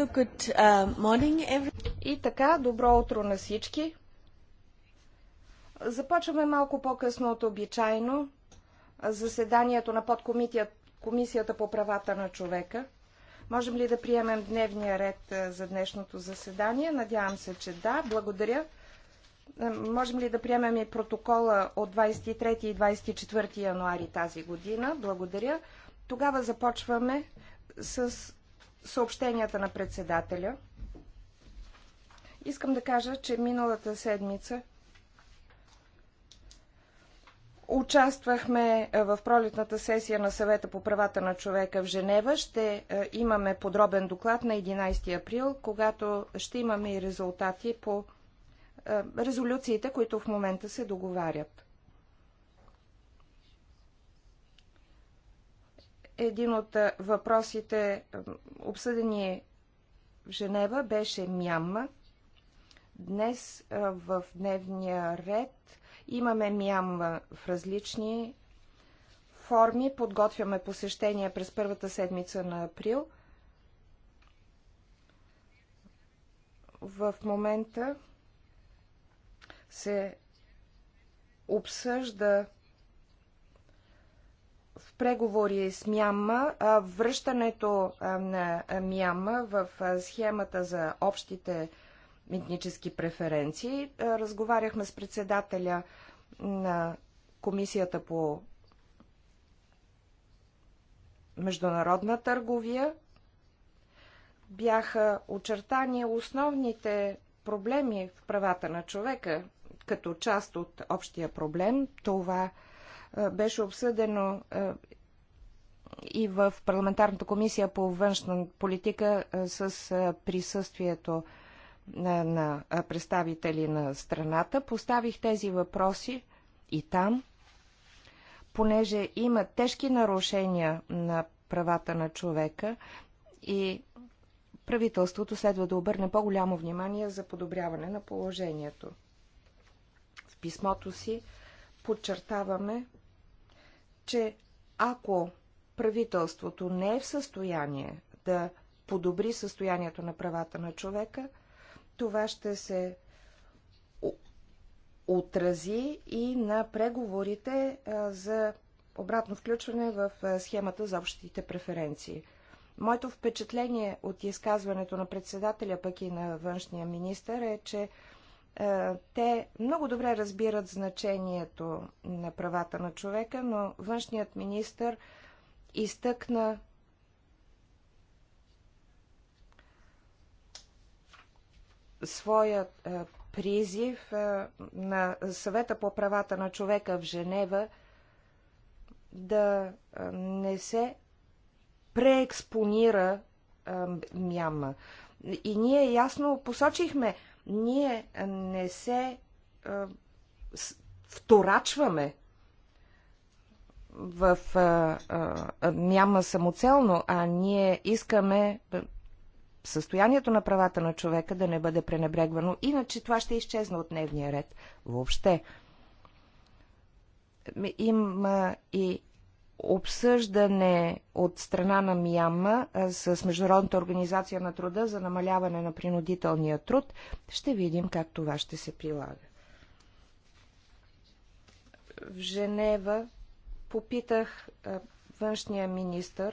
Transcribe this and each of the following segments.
So good uh, morning, И така, добро утро на всички. Започваме малко по-късно от обичайно заседанието на подкомисията по правата на човека. Можем ли да приемем дневния ред е, за днешното заседание? Надявам се, че да. Благодаря. Е, можем ли да приемем и протокола от 23 и 24 януари тази година? Благодаря. Тогава започваме с съобщенията на председателя. Искам да кажа, че миналата седмица участвахме е, в пролетната сесия на съвета по правата на човека в Женева. Ще е, имаме подробен доклад на 11 април, когато ще имаме и резултати по е, резолюциите, които в момента се договарят. един от въпросите, обсъдени в Женева, беше Мямма. Днес в дневния ред имаме Мямма в различни форми. Подготвяме посещение през първата седмица на април. В момента се обсъжда в преговори с Мяма, връщането на Мяма в схемата за общите митнически преференции. Разговаряхме с председателя на Комисията по международна търговия. Бяха очертани основните проблеми в правата на човека като част от общия проблем. Това е е, беше обсъдено е, и в парламентарната комисия по външна политика е, с присъствието на, на представители на страната. Поставих тези въпроси и там, понеже има тежки нарушения на правата на човека и правителството следва да обърне по-голямо внимание за подобряване на положението. В писмото си подчертаваме че ако правителството не е в състояние да подобри състоянието на правата на човека, това ще се отрази и на преговорите за обратно включване в схемата за общите преференции. Моето впечатление от изказването на председателя, пък и на външния министър, е, че е, те много добре разбират значението на правата на човека, но външният министр изтъкна своя е, призив е, на съвета по правата на човека в Женева да не се преекспонира Мяма. И ние ясно посочихме, ние не се а, вторачваме в а, а, няма самоцелно, а ние искаме състоянието на правата на човека да не бъде пренебрегвано, иначе това ще изчезне от дневния ред въобще. Има и обсъждане от страна на Миямма с Международната организация на труда за намаляване на принудителния труд. Ще видим как това ще се прилага. В Женева попитах външния министр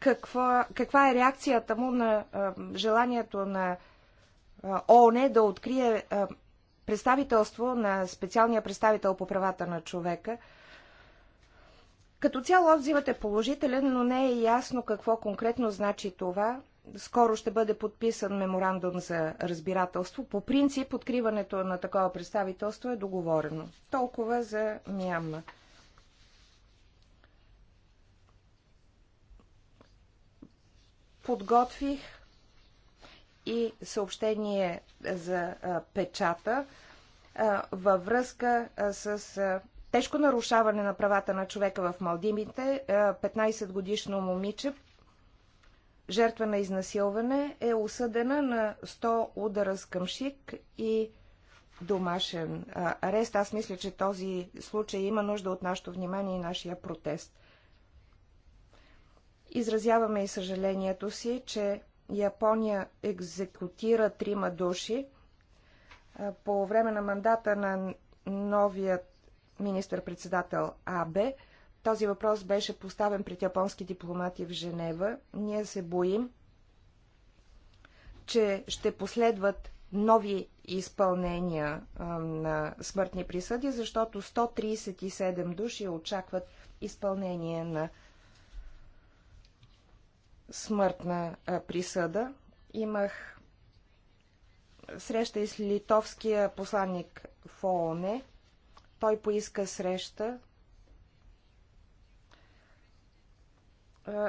каква, каква е реакцията му на а, желанието на ООН е да открие представителство на специалния представител по правата на човека. Като цяло отзивът е положителен, но не е ясно какво конкретно значи това. Скоро ще бъде подписан меморандум за разбирателство. По принцип, откриването на такова представителство е договорено. Толкова за Мямма. Подготвих и съобщение за печата във връзка с тежко нарушаване на правата на човека в Малдимите. 15-годишно момиче, жертва на изнасилване, е осъдена на 100 удара с къмшик и домашен арест. Аз мисля, че този случай има нужда от нашето внимание и нашия протест. Изразяваме и съжалението си, че Япония екзекутира трима души по време на мандата на новия министър-председател Абе. Този въпрос беше поставен пред японски дипломати в Женева. Ние се боим, че ще последват нови изпълнения на смъртни присъди, защото 137 души очакват изпълнение на смъртна присъда. Имах среща и с литовския посланник в ООН. Той поиска среща,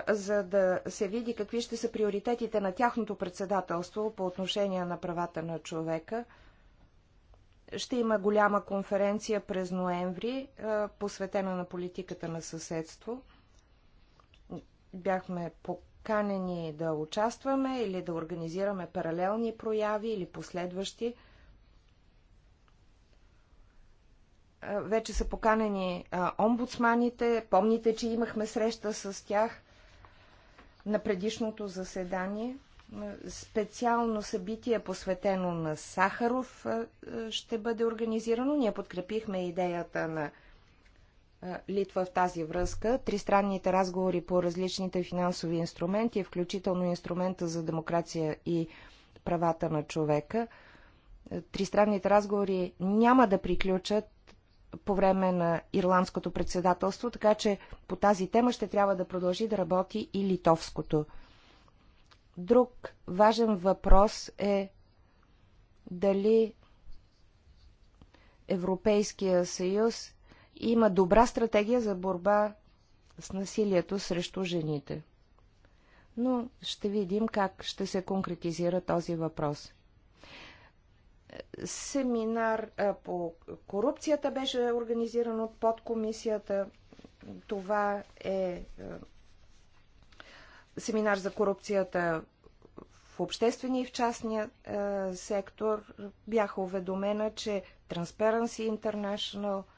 за да се види какви ще са приоритетите на тяхното председателство по отношение на правата на човека. Ще има голяма конференция през ноември, посветена на политиката на съседство. Бяхме канени да участваме или да организираме паралелни прояви или последващи. Е, вече са поканени е, омбудсманите. Помните, че имахме среща с тях на предишното заседание. Е, специално събитие, посветено на Сахаров, ще бъде организирано. Ние подкрепихме идеята на е, литва в тази връзка. Тристранните разговори по различните финансови инструменти, включително инструмента за демокрация и правата на човека, е, тристранните разговори няма да приключат по време на ирландското председателство, така че по тази тема ще трябва да продължи да работи и литовското. Друг важен въпрос е дали Европейския съюз има добра стратегия за борба с насилието срещу жените. Но ще видим как ще се конкретизира този въпрос. Семинар по корупцията беше организиран от подкомисията. Това е семинар за корупцията в обществения и в частния сектор. Бяха уведомена, че Transparency International –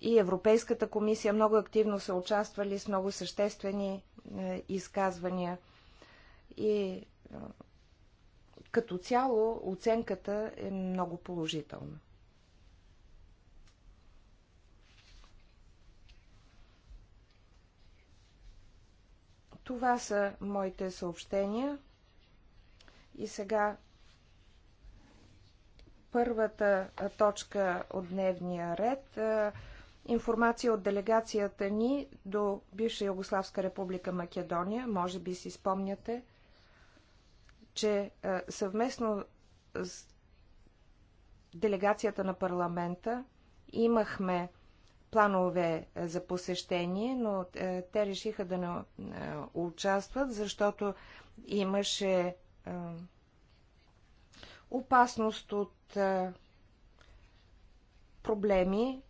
и Европейската комисия много активно са участвали с много съществени е, изказвания. И е, като цяло оценката е много положителна. Това са моите съобщения. И сега първата точка от дневния ред информация от делегацията ни до бивша Югославска република Македония. Може би си спомняте, че е, съвместно с делегацията на парламента имахме планове за посещение, но е, те решиха да не е, участват, защото имаше опасност от проблеми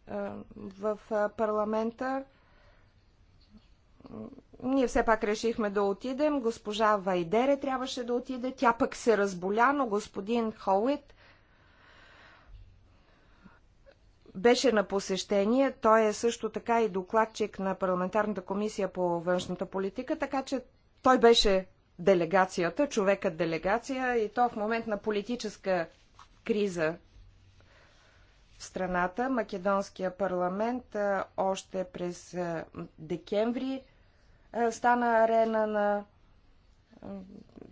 в парламента. Ние все пак решихме да отидем. Госпожа Вайдере трябваше да отиде. Тя пък се разболя, но господин Холит беше на посещение. Той е също така и докладчик на парламентарната комисия по външната политика, така че той беше делегацията, човекът делегация и то в момент на политическа криза в страната. Македонския парламент още през декември стана арена на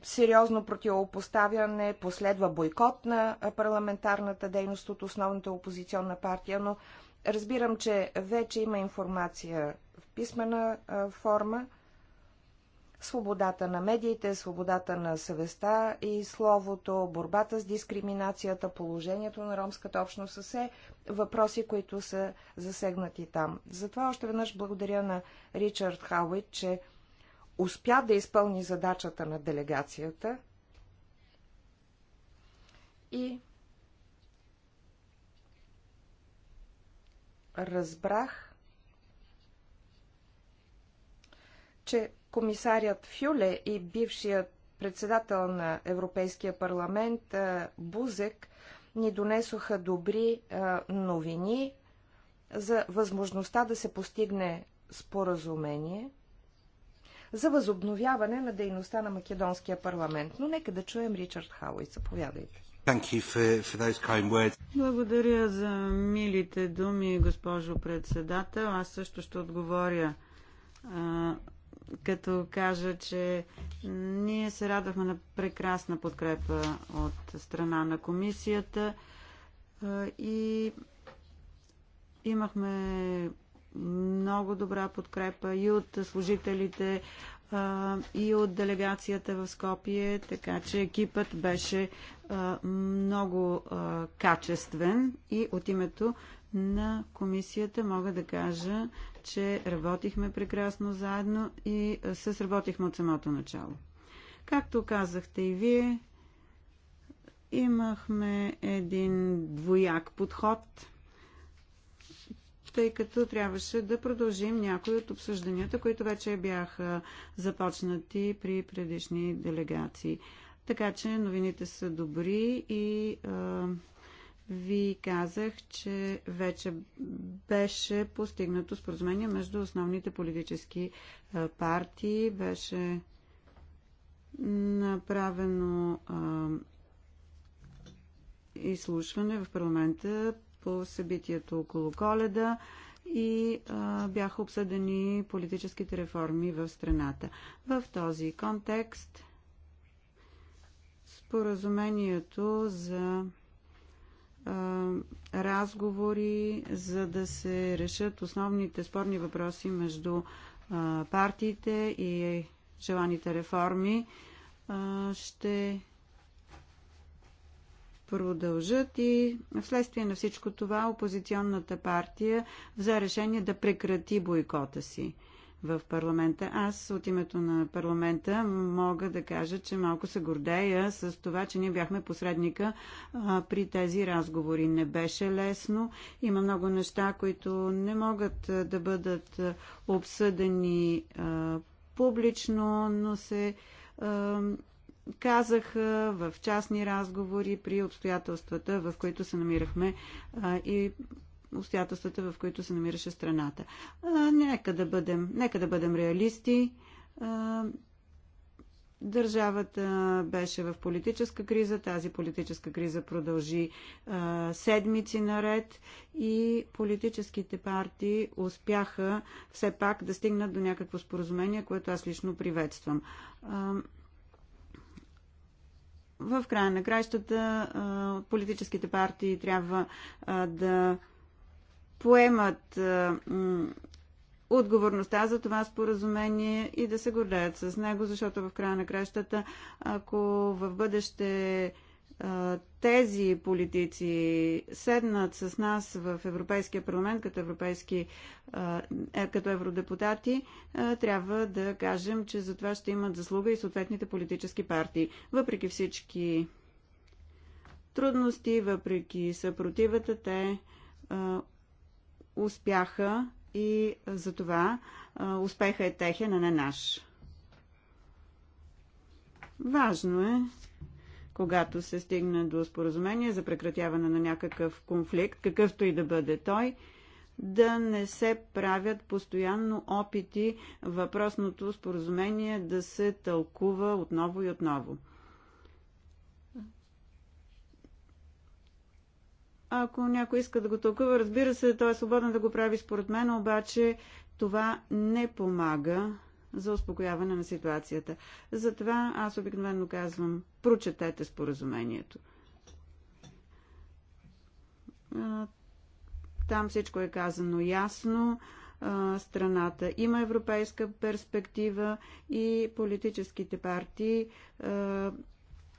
сериозно противопоставяне, последва бойкот на парламентарната дейност от основната опозиционна партия, но разбирам, че вече има информация в писмена форма свободата на медиите, свободата на съвестта и словото, борбата с дискриминацията, положението на ромската общност са все въпроси, които са засегнати там. Затова още веднъж благодаря на Ричард Хауит, че успя да изпълни задачата на делегацията и разбрах, че комисарят Фюле и бившият председател на Европейския парламент Бузек ни донесоха добри новини за възможността да се постигне споразумение за възобновяване на дейността на Македонския парламент. Но нека да чуем Ричард Хауи. Заповядайте. For, for Благодаря за милите думи, госпожо председател. Аз също ще отговоря като кажа, че ние се радвахме на прекрасна подкрепа от страна на комисията и имахме много добра подкрепа и от служителите, и от делегацията в Скопие, така че екипът беше много качествен и от името на комисията мога да кажа, че работихме прекрасно заедно и се сработихме от самото начало. Както казахте и вие, имахме един двояк подход, тъй като трябваше да продължим някои от обсъжданията, които вече бяха започнати при предишни делегации. Така че новините са добри и а, ви казах, че вече беше постигнато споразумение между основните политически партии. Беше направено а, изслушване в парламента по събитието около коледа и а, бяха обсъдени политическите реформи в страната. В този контекст споразумението за разговори, за да се решат основните спорни въпроси между партиите и желаните реформи ще продължат и вследствие на всичко това опозиционната партия взе решение да прекрати бойкота си в парламента. Аз от името на парламента мога да кажа, че малко се гордея с това, че ние бяхме посредника а, при тези разговори. Не беше лесно. Има много неща, които не могат да бъдат обсъдени а, публично, но се казаха в частни разговори при обстоятелствата, в които се намирахме и обстоятелствата, в които се намираше страната. А, нека, да бъдем, нека да бъдем реалисти. А, държавата беше в политическа криза. Тази политическа криза продължи а, седмици наред и политическите партии успяха все пак да стигнат до някакво споразумение, което аз лично приветствам. А, в края на краищата политическите партии трябва да поемат отговорността за това споразумение и да се гордеят с него, защото в края на кращата, ако в бъдеще тези политици седнат с нас в Европейския парламент като, европейски, е, като евродепутати, трябва да кажем, че за това ще имат заслуга и съответните политически партии. Въпреки всички трудности, въпреки съпротивата, те успяха и за това успеха е техен, а не наш. Важно е, когато се стигне до споразумение за прекратяване на някакъв конфликт, какъвто и да бъде той, да не се правят постоянно опити въпросното споразумение да се тълкува отново и отново. Ако някой иска да го тълкува, разбира се, той е свободен да го прави според мен, обаче това не помага за успокояване на ситуацията. Затова аз обикновено казвам, прочетете споразумението. Там всичко е казано ясно. Страната има европейска перспектива и политическите партии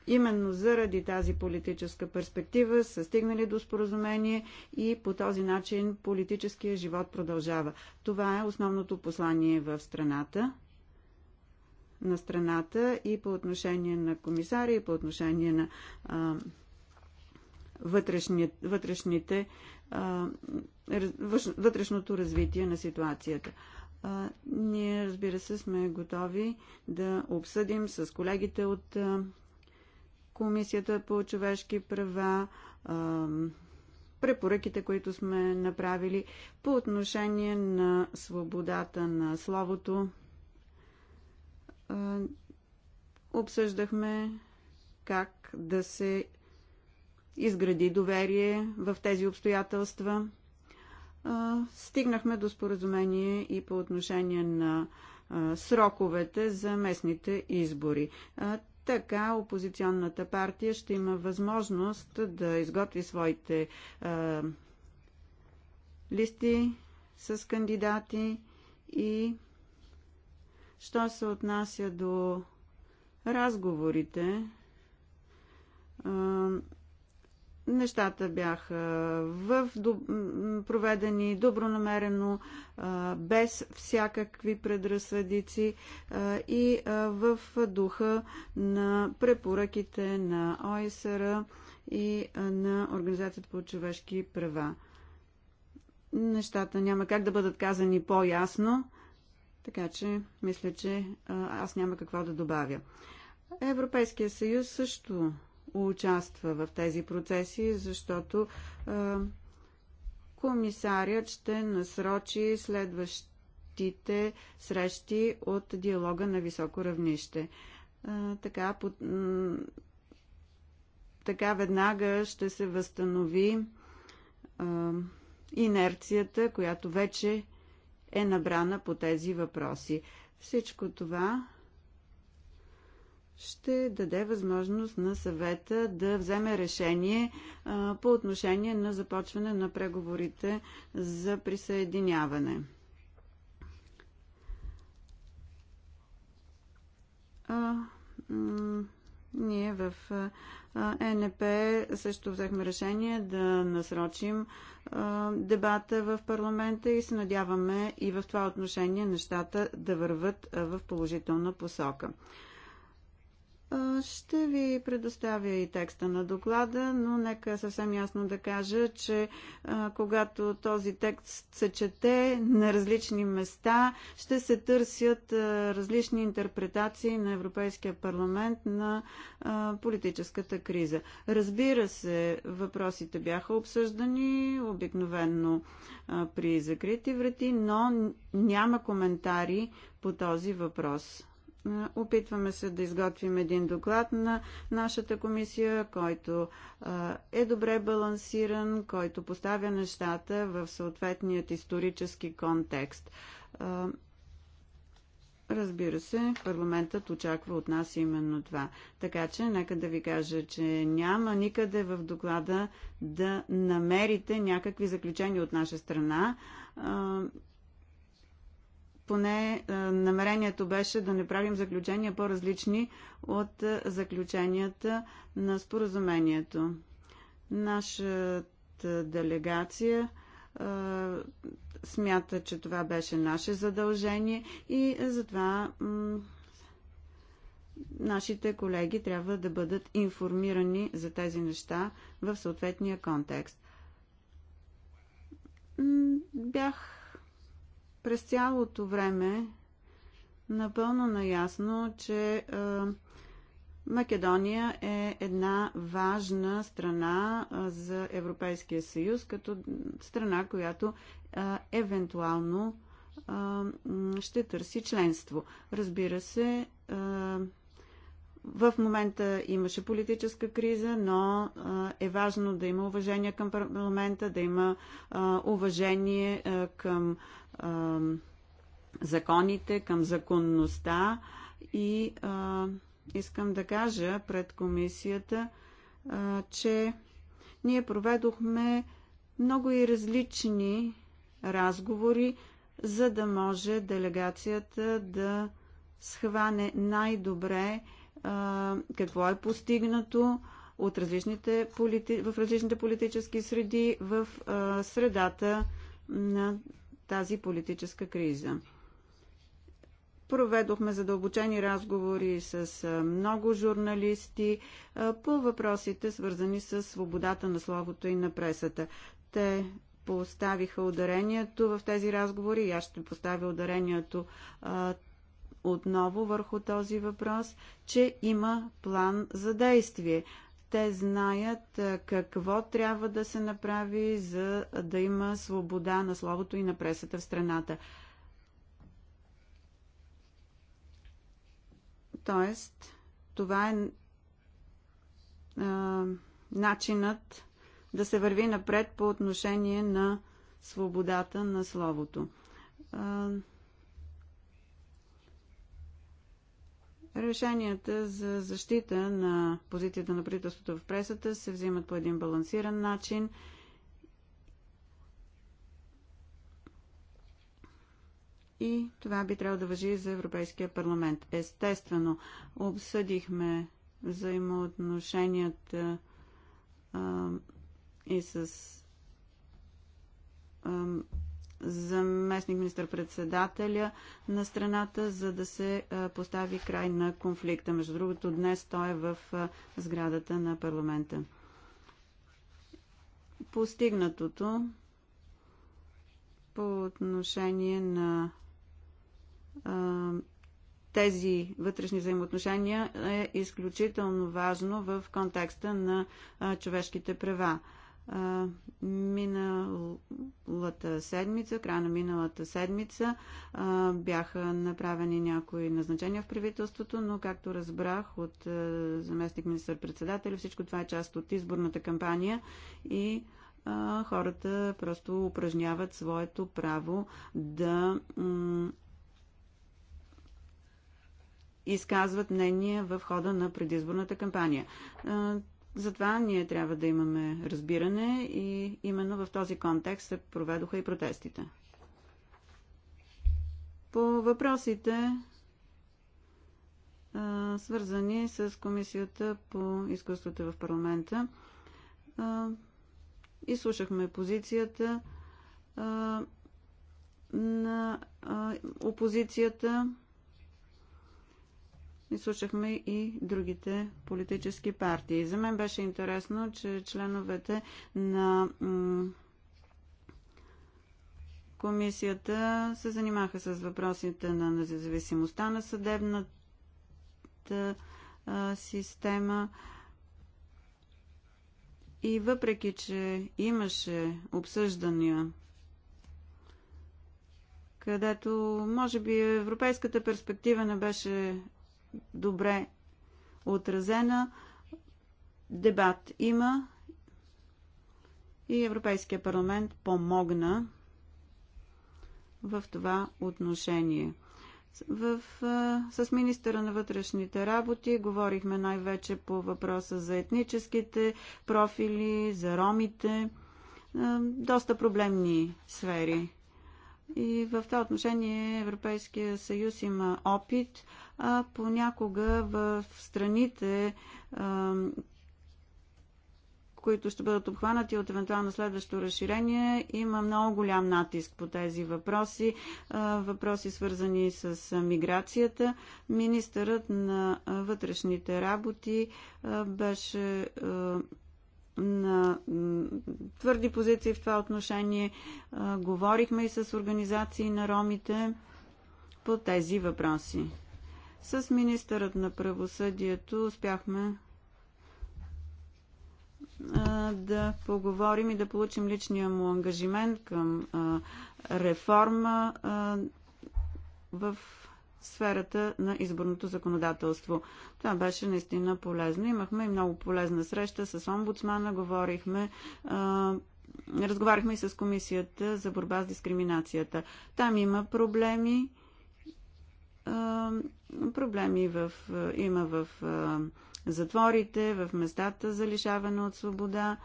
Именно заради тази политическа перспектива са стигнали до споразумение и по този начин политическия живот продължава. Това е основното послание в страната на страната и по отношение на комисари, и по отношение на а, вътрешни, вътрешните, а, вътрешното развитие на ситуацията. А, ние, разбира се, сме готови да обсъдим с колегите от а, Комисията по човешки права, препоръките, които сме направили по отношение на свободата на словото. Обсъждахме как да се изгради доверие в тези обстоятелства. Стигнахме до споразумение и по отношение на сроковете за местните избори. Така опозиционната партия ще има възможност да изготви своите а, листи с кандидати и що се отнася до разговорите, Нещата бяха в, проведени добронамерено, без всякакви предразсъдици и в духа на препоръките на ОСР и на Организацията по човешки права. Нещата няма как да бъдат казани по-ясно, така че мисля, че аз няма какво да добавя. Европейския съюз също участва в тези процеси, защото комисарят ще насрочи следващите срещи от диалога на високо равнище. Така, по, така веднага ще се възстанови а, инерцията, която вече е набрана по тези въпроси. Всичко това ще даде възможност на съвета да вземе решение а, по отношение на започване на преговорите за присъединяване. А, ние в ЕНП също взехме решение да насрочим а, дебата в парламента и се надяваме и в това отношение нещата да върват в положителна посока. Ще ви предоставя и текста на доклада, но нека съвсем ясно да кажа, че когато този текст се чете на различни места, ще се търсят различни интерпретации на Европейския парламент на политическата криза. Разбира се, въпросите бяха обсъждани обикновенно при закрити врати, но няма коментари по този въпрос Опитваме се да изготвим един доклад на нашата комисия, който е добре балансиран, който поставя нещата в съответният исторически контекст. Разбира се, парламентът очаква от нас именно това. Така че, нека да ви кажа, че няма никъде в доклада да намерите някакви заключения от наша страна поне е, намерението беше да не правим заключения по-различни от е, заключенията на споразумението. Нашата делегация е, смята, че това беше наше задължение и затова нашите колеги трябва да бъдат информирани за тези неща в съответния контекст. Бях през цялото време напълно наясно, че е, Македония е една важна страна е, за Европейския съюз, като страна, която е, евентуално ще търси членство. Разбира се, в момента имаше политическа криза, но е важно да има уважение към парламента, да има уважение към законите, към законността и искам да кажа пред комисията, че ние проведохме много и различни разговори, за да може делегацията да схване най-добре какво е постигнато от различните полити... в различните политически среди в а, средата на тази политическа криза. Проведохме задълбочени разговори с много журналисти по въпросите, свързани с свободата на словото и на пресата. Те поставиха ударението в тези разговори и аз ще поставя ударението а, отново върху този въпрос, че има план за действие. Те знаят какво трябва да се направи, за да има свобода на словото и на пресата в страната. Тоест, това е а, начинът да се върви напред по отношение на свободата на словото. А, Решенията за защита на позицията на правителството в пресата се взимат по един балансиран начин. И това би трябвало да въжи за Европейския парламент. Естествено, обсъдихме взаимоотношенията а, и с а, заместник министър-председателя на страната, за да се постави край на конфликта. Между другото, днес той е в сградата на парламента. Постигнатото по отношение на тези вътрешни взаимоотношения е изключително важно в контекста на човешките права миналата седмица, края на миналата седмица бяха направени някои назначения в правителството, но както разбрах от заместник министър-председателя, всичко това е част от изборната кампания и хората просто упражняват своето право да изказват мнение в хода на предизборната кампания. Затова ние трябва да имаме разбиране и именно в този контекст се проведоха и протестите. По въпросите, свързани с Комисията по изкуствата в парламента, изслушахме позицията на опозицията и слушахме и другите политически партии. За мен беше интересно, че членовете на комисията се занимаха с въпросите на независимостта на съдебната система. И въпреки, че имаше обсъждания, където може би европейската перспектива не беше добре отразена. Дебат има и Европейския парламент помогна в това отношение. В, с министъра на вътрешните работи говорихме най-вече по въпроса за етническите профили, за ромите, доста проблемни сфери. И в това отношение Европейския съюз има опит а понякога в страните, които ще бъдат обхванати от евентуално следващо разширение. Има много голям натиск по тези въпроси, въпроси свързани с миграцията. Министърът на вътрешните работи беше на твърди позиции в това отношение. Говорихме и с организации на ромите по тези въпроси. С министърът на правосъдието успяхме да поговорим и да получим личния му ангажимент към реформа в сферата на изборното законодателство. Това беше наистина полезно. Имахме и много полезна среща с омбудсмана, говорихме, разговаряхме и с комисията за борба с дискриминацията. Там има проблеми проблеми в, има в затворите, в местата за лишаване от свобода,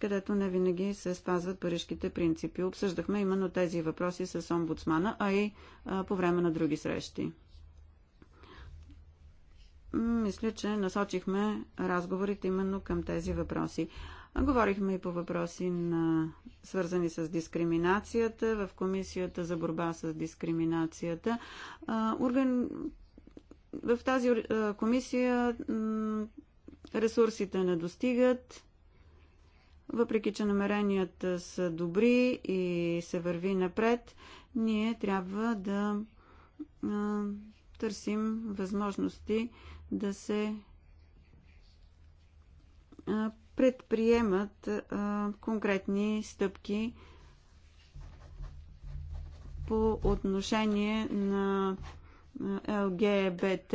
където не винаги се спазват парижките принципи. Обсъждахме именно тези въпроси с омбудсмана, а и по време на други срещи. Мисля, че насочихме разговорите именно към тези въпроси. Говорихме и по въпроси на, свързани с дискриминацията в Комисията за борба с дискриминацията. Орган... В тази комисия ресурсите не достигат, въпреки че намеренията са добри и се върви напред, ние трябва да търсим възможности да се предприемат а, конкретни стъпки по отношение на ЛГБТ.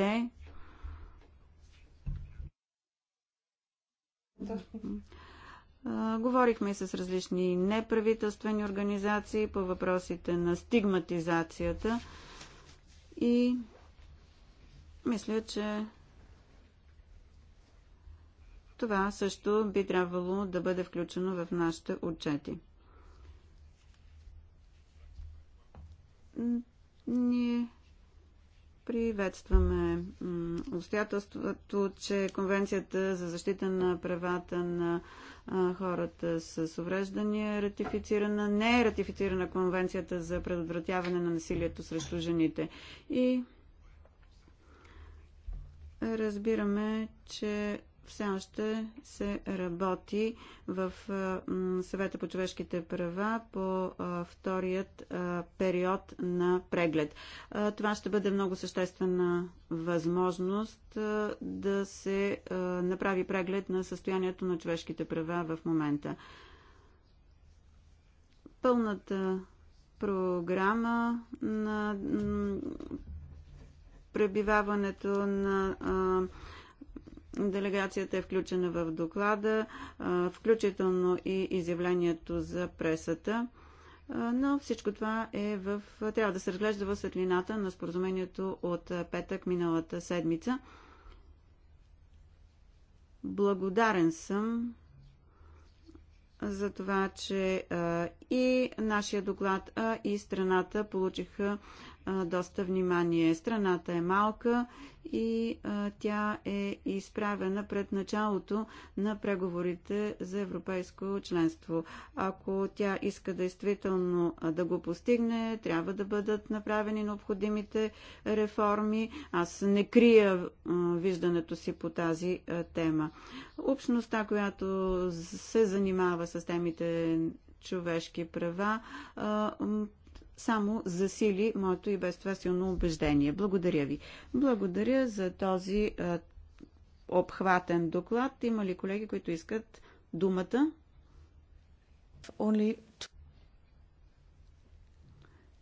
Говорихме с различни неправителствени организации по въпросите на стигматизацията и мисля, че това също би трябвало да бъде включено в нашите отчети. Ние приветстваме обстоятелството, че Конвенцията за защита на правата на хората с увреждания е ратифицирана. Не е ратифицирана Конвенцията за предотвратяване на насилието срещу жените. И разбираме, че все още се работи в съвета по човешките права по вторият период на преглед. Това ще бъде много съществена възможност да се направи преглед на състоянието на човешките права в момента. Пълната програма на пребиваването на а, Делегацията е включена в доклада, включително и изявлението за пресата. Но всичко това е в... трябва да се разглежда в светлината на споразумението от петък миналата седмица. Благодарен съм за това, че и нашия доклад, а и страната получиха доста внимание. Страната е малка и тя е изправена пред началото на преговорите за европейско членство. Ако тя иска действително да го постигне, трябва да бъдат направени необходимите реформи. Аз не крия виждането си по тази тема. Общността, която се занимава с темите човешки права, само засили моето и без това силно убеждение. Благодаря ви. Благодаря за този а, обхватен доклад. Има ли колеги, които искат думата? Only...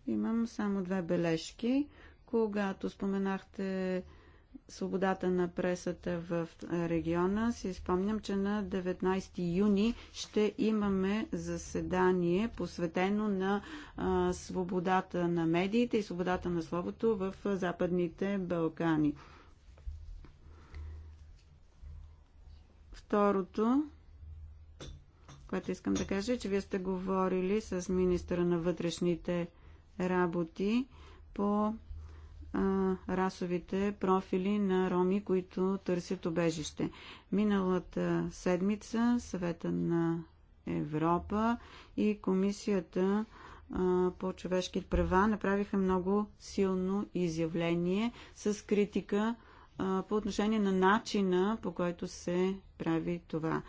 Имам само две бележки. Когато споменахте свободата на пресата в региона, си спомням, че на 19 юни ще имаме заседание посветено на а, свободата на медиите и свободата на словото в Западните Балкани. Второто, което искам да кажа, е, че вие сте говорили с министра на вътрешните работи по а, расовите профили на роми, които търсят обежище. Миналата седмица съвета на Европа и комисията а, по човешки права направиха много силно изявление с критика а, по отношение на начина по който се прави това.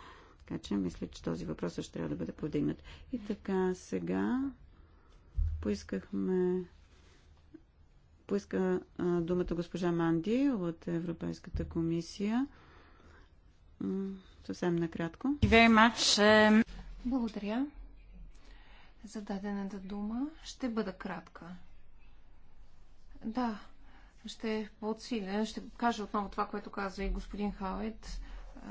Така че мисля, че този въпрос ще трябва да бъде повдигнат. И така сега поискахме поиска думата госпожа Манди от Европейската комисия. Съвсем накратко. Um, Благодаря за дадената дума. Ще бъда кратка. Да, ще подсиля, ще кажа отново това, което каза и господин Хаует.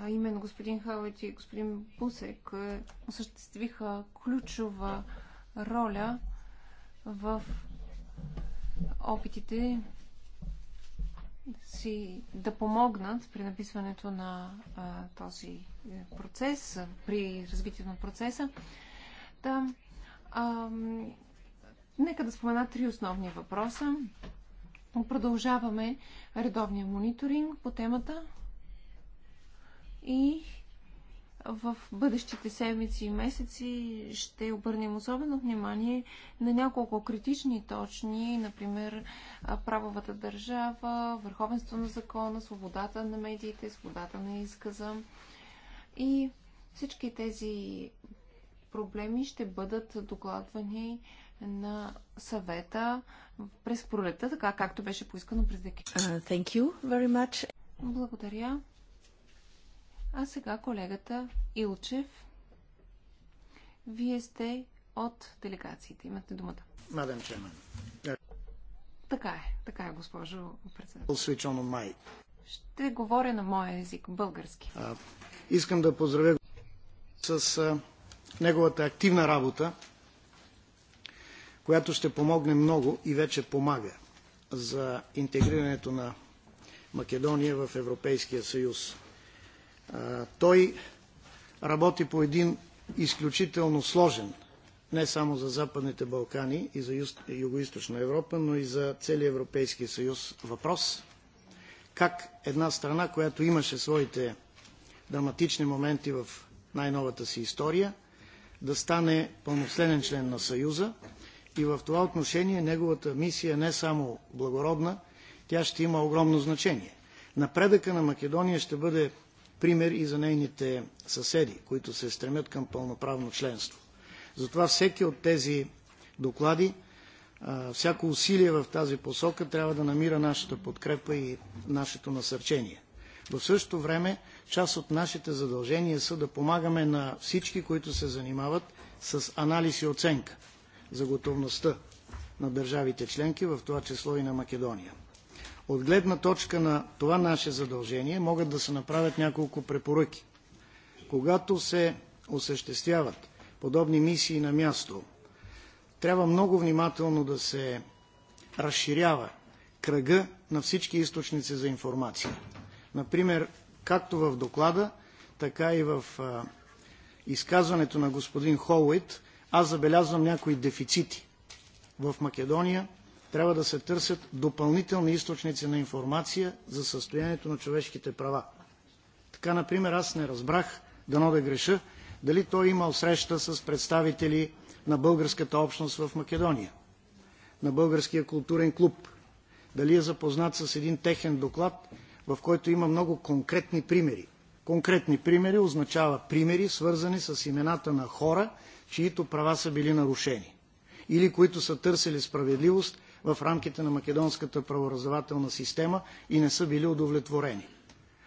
Именно господин Хаует и господин Бусек е, осъществиха ключова роля в опитите си да помогнат при написването на а, този е, процес, при развитието на процеса. Да, а, нека да спомена три основни въпроса. Продължаваме редовния мониторинг по темата и в бъдещите седмици и месеци ще обърнем особено внимание на няколко критични точни, например правовата държава, върховенство на закона, свободата на медиите, свободата на изказа. И всички тези проблеми ще бъдат докладвани на съвета през пролета, така както беше поискано през декември. Uh, Благодаря. А сега колегата Илчев. Вие сте от делегациите. Имате думата. Мадам Чемен. Така е, така е, госпожо председател. Ще говоря на моя език, български. А, искам да поздравя с а, неговата активна работа, която ще помогне много и вече помага за интегрирането на Македония в Европейския съюз. Той работи по един изключително сложен, не само за Западните Балкани и за Юго-Источна Европа, но и за целия Европейски съюз въпрос. Как една страна, която имаше своите драматични моменти в най-новата си история, да стане пълноценен член на Съюза и в това отношение неговата мисия е не само благородна, тя ще има огромно значение. Напредъка на Македония ще бъде пример и за нейните съседи, които се стремят към пълноправно членство. Затова всеки от тези доклади, всяко усилие в тази посока трябва да намира нашата подкрепа и нашето насърчение. В същото време, част от нашите задължения са да помагаме на всички, които се занимават с анализ и оценка за готовността на държавите членки, в това число и на Македония. От гледна точка на това наше задължение могат да се направят няколко препоръки. Когато се осъществяват подобни мисии на място, трябва много внимателно да се разширява кръга на всички източници за информация. Например, както в доклада, така и в изказването на господин Холуит, аз забелязвам някои дефицити в Македония трябва да се търсят допълнителни източници на информация за състоянието на човешките права. Така, например, аз не разбрах, дано да греша, дали той имал среща с представители на българската общност в Македония, на българския културен клуб, дали е запознат с един техен доклад, в който има много конкретни примери. Конкретни примери означава примери, свързани с имената на хора, чието права са били нарушени или които са търсили справедливост в рамките на македонската правораздавателна система и не са били удовлетворени.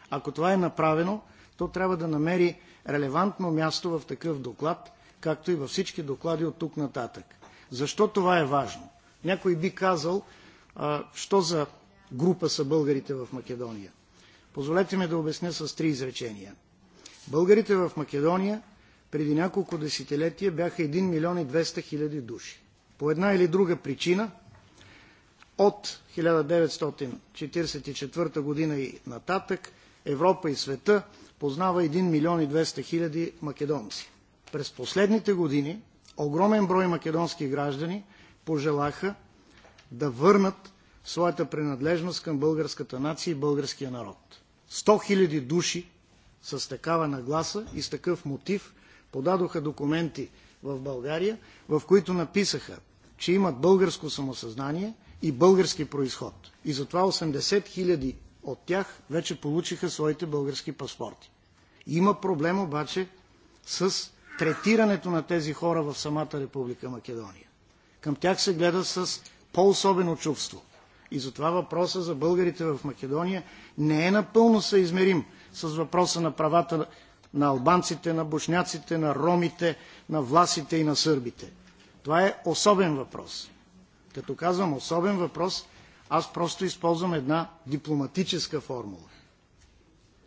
Ако това е направено, то трябва да намери релевантно място в такъв доклад, както и във всички доклади от тук нататък. Защо това е важно? Някой би казал, а, що за група са българите в Македония. Позволете ми да обясня с три изречения. Българите в Македония преди няколко десетилетия бяха 1 милион и 200 хиляди души. По една или друга причина от 1944 година и нататък Европа и света познава 1 милион и 200 хиляди македонци. През последните години огромен брой македонски граждани пожелаха да върнат своята принадлежност към българската нация и българския народ. 100 хиляди души с такава нагласа и с такъв мотив подадоха документи в България, в които написаха, че имат българско самосъзнание, и български происход. И затова 80 хиляди от тях вече получиха своите български паспорти. Има проблем обаче с третирането на тези хора в самата Република Македония. Към тях се гледа с по-особено чувство. И затова въпроса за българите в Македония не е напълно съизмерим с въпроса на правата на албанците, на бошняците, на ромите, на власите и на сърбите. Това е особен въпрос. Като казвам особен въпрос, аз просто използвам една дипломатическа формула.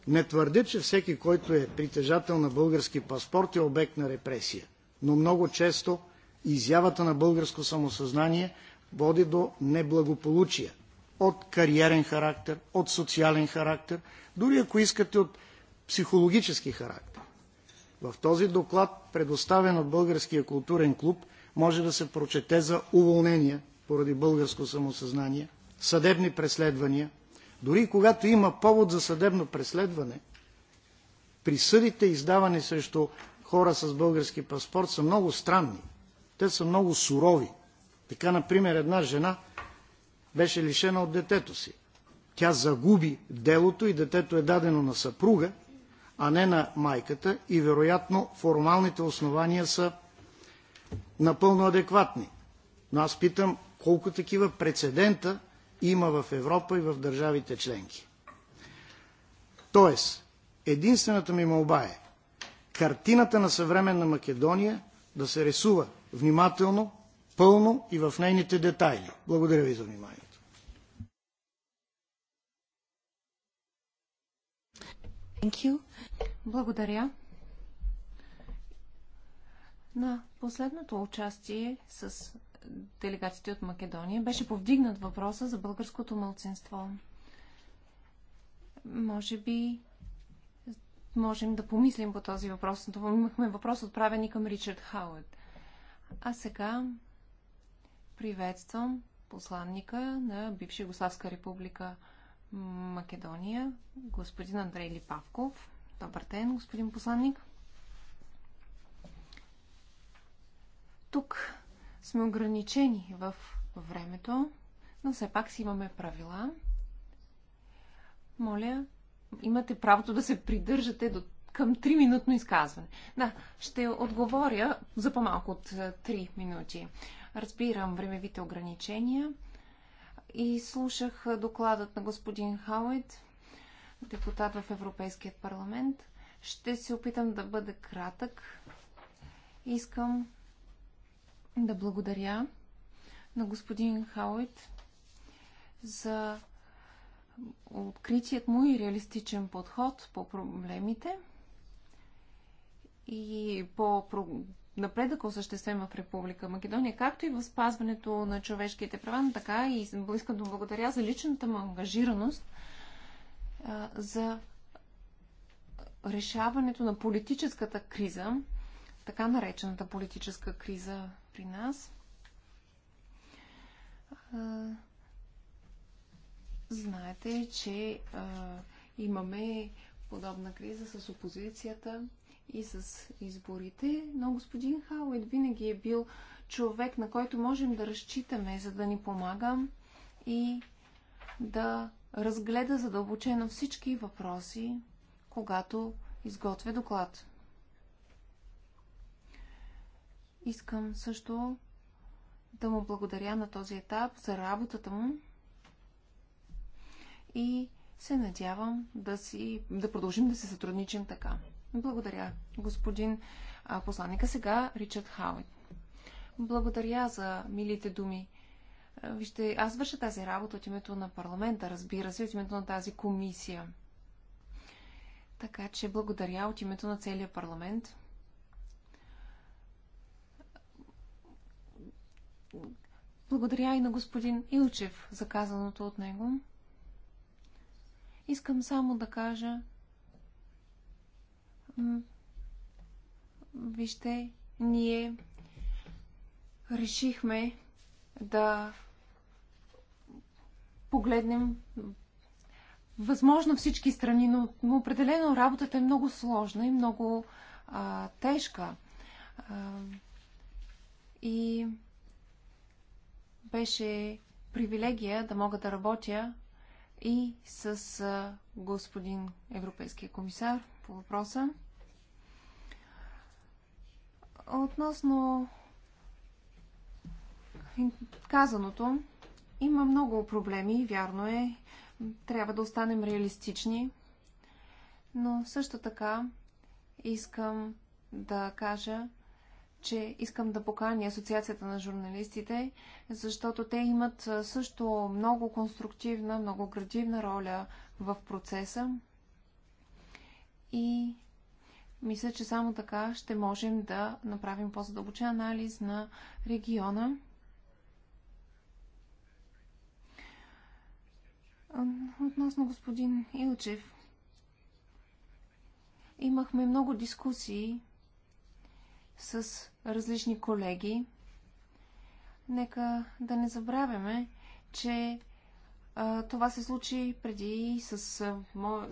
Не твърдя, че всеки, който е притежател на български паспорт е обект на репресия, но много често изявата на българско самосъзнание води до неблагополучия от кариерен характер, от социален характер, дори ако искате от психологически характер. В този доклад, предоставен от Българския културен клуб, може да се прочете за уволнения, поради българско самосъзнание, съдебни преследвания. Дори когато има повод за съдебно преследване, присъдите, издавани срещу хора с български паспорт, са много странни. Те са много сурови. Така, например, една жена беше лишена от детето си. Тя загуби делото и детето е дадено на съпруга, а не на майката и вероятно формалните основания са напълно адекватни. Но аз питам, колко такива прецедента има в Европа и в държавите членки. Тоест, единствената ми молба е картината на съвременна Македония да се рисува внимателно, пълно и в нейните детайли. Благодаря ви за вниманието. Благодаря. На последното участие с делегациите от Македония, беше повдигнат въпроса за българското мълцинство. Може би можем да помислим по този въпрос. Това имахме въпрос отправени към Ричард Хауът. А сега приветствам посланника на бивша Югославска република Македония, господин Андрей Липавков. Добър ден, господин посланник. Тук сме ограничени в времето, но все пак си имаме правила. Моля, имате правото да се придържате до, към 3-минутно изказване. Да, ще отговоря за по-малко от 3 е, минути. Разбирам времевите ограничения и слушах е, докладът на господин Хауид, депутат в Европейският парламент. Ще се опитам да бъда кратък. Искам да благодаря на господин Хауит за откритият му и реалистичен подход по проблемите и по напредък осъществен в Република Македония, както и в спазването на човешките права, но така и искам да благодаря за личната му ангажираност а, за решаването на политическата криза, така наречената политическа криза при нас. Знаете, че имаме подобна криза с опозицията и с изборите, но господин Хауед винаги е бил човек, на който можем да разчитаме, за да ни помага и да разгледа задълбочено всички въпроси, когато изготвя доклад. Искам също да му благодаря на този етап за работата му и се надявам да, си, да продължим да се сътрудничим така. Благодаря, господин а, посланника. Сега Ричард Хауит. Благодаря за милите думи. Вижте, аз върша тази работа от името на парламента, разбира се, от името на тази комисия. Така че благодаря от името на целия парламент. Благодаря и на господин Илчев за казаното от него. Искам само да кажа. Вижте, ние решихме да погледнем възможно всички страни, но определено работата е много сложна и много а, тежка. А, и беше привилегия да мога да работя и с господин Европейския комисар по въпроса. Относно казаното, има много проблеми, вярно е. Трябва да останем реалистични. Но също така искам да кажа, че искам да поканя Асоциацията на журналистите, защото те имат също много конструктивна, много градивна роля в процеса. И мисля, че само така ще можем да направим по-задълбочен анализ на региона. Относно господин Илчев, имахме много дискусии с различни колеги. Нека да не забравяме, че а, това се случи преди и с,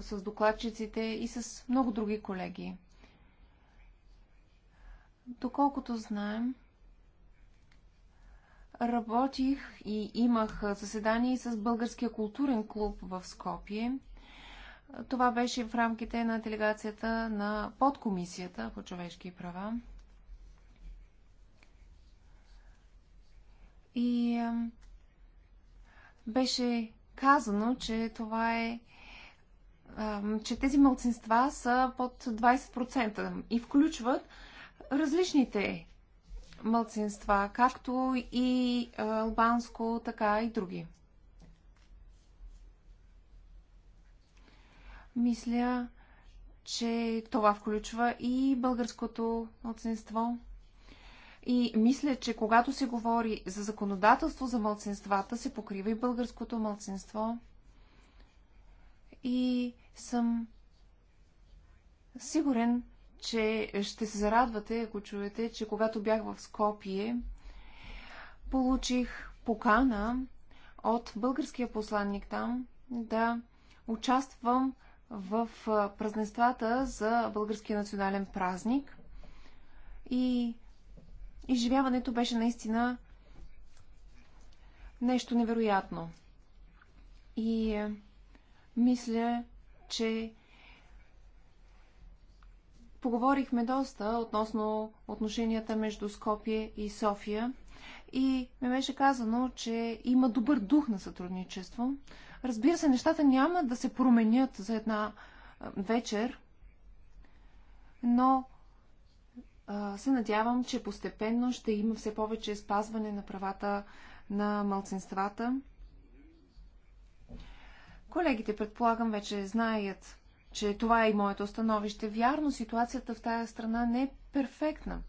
с докладчиците и с много други колеги. Доколкото знаем, работих и имах заседание с Българския културен клуб в Скопие. Това беше в рамките на делегацията на подкомисията по човешки права. И беше казано, че това е че тези мълцинства са под 20% и включват различните мълцинства, както и албанско, така и други. Мисля, че това включва и българското мълцинство. И мисля, че когато се говори за законодателство за мълцинствата, се покрива и българското мълцинство. И съм сигурен, че ще се зарадвате, ако чуете, че когато бях в Скопие, получих покана от българския посланник там да участвам в празненствата за българския национален празник. И изживяването беше наистина нещо невероятно. И е, мисля, че поговорихме доста относно отношенията между Скопие и София. И ми беше казано, че има добър дух на сътрудничество. Разбира се, нещата няма да се променят за една е, вечер, но се надявам, че постепенно ще има все повече спазване на правата на мълцинствата. Колегите, предполагам, вече знаят, че това е и моето становище. Вярно, ситуацията в тая страна не е перфектна.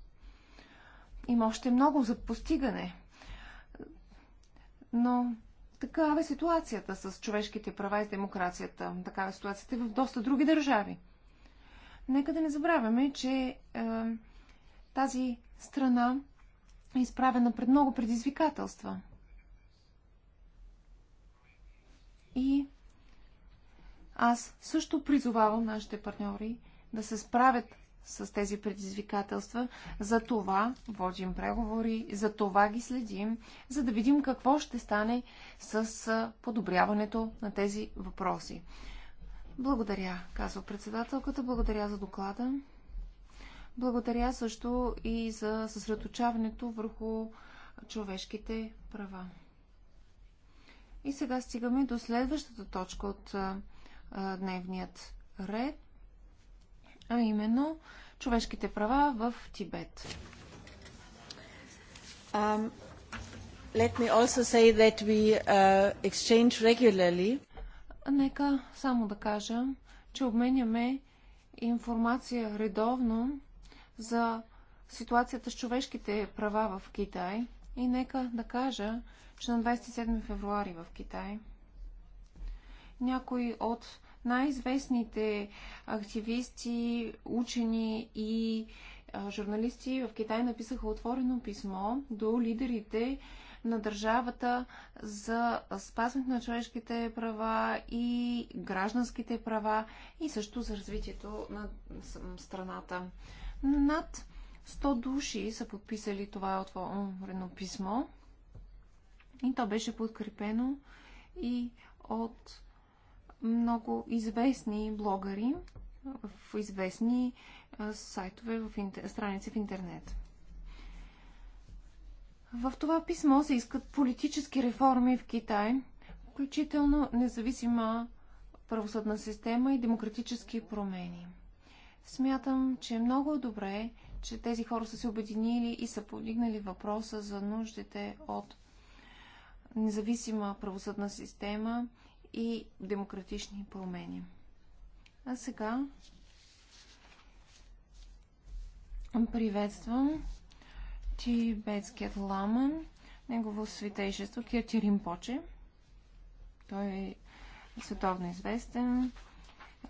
Има още много за постигане. Но такава е ситуацията с човешките права и демокрацията. Такава е ситуацията в доста други държави. Нека да не забравяме, че е, тази страна е изправена пред много предизвикателства. И аз също призовавам нашите партньори да се справят с тези предизвикателства. За това водим преговори, за това ги следим, за да видим какво ще стане с подобряването на тези въпроси. Благодаря, казва председателката. Благодаря за доклада. Благодаря също и за съсредоточаването върху човешките права. И сега стигаме до следващата точка от а, дневният ред, а именно човешките права в Тибет. Um, let me also say that we uh, exchange regularly. Нека само да кажа, че обменяме информация редовно за ситуацията с човешките права в Китай. И нека да кажа, че на 27 февруари в Китай някои от най-известните активисти, учени и журналисти в Китай написаха отворено писмо до лидерите на държавата за спазването на човешките права и гражданските права и също за развитието на страната. Над 100 души са подписали това отворено писмо и то беше подкрепено и от много известни блогъри в известни сайтове, в интер... страници в интернет. В това писмо се искат политически реформи в Китай, включително независима правосъдна система и демократически промени. Смятам, че е много добре, че тези хора са се обединили и са повдигнали въпроса за нуждите от независима правосъдна система и демократични промени. А сега приветствам тибетският лама, негово святейшество Киртирин Поче. Той е световно известен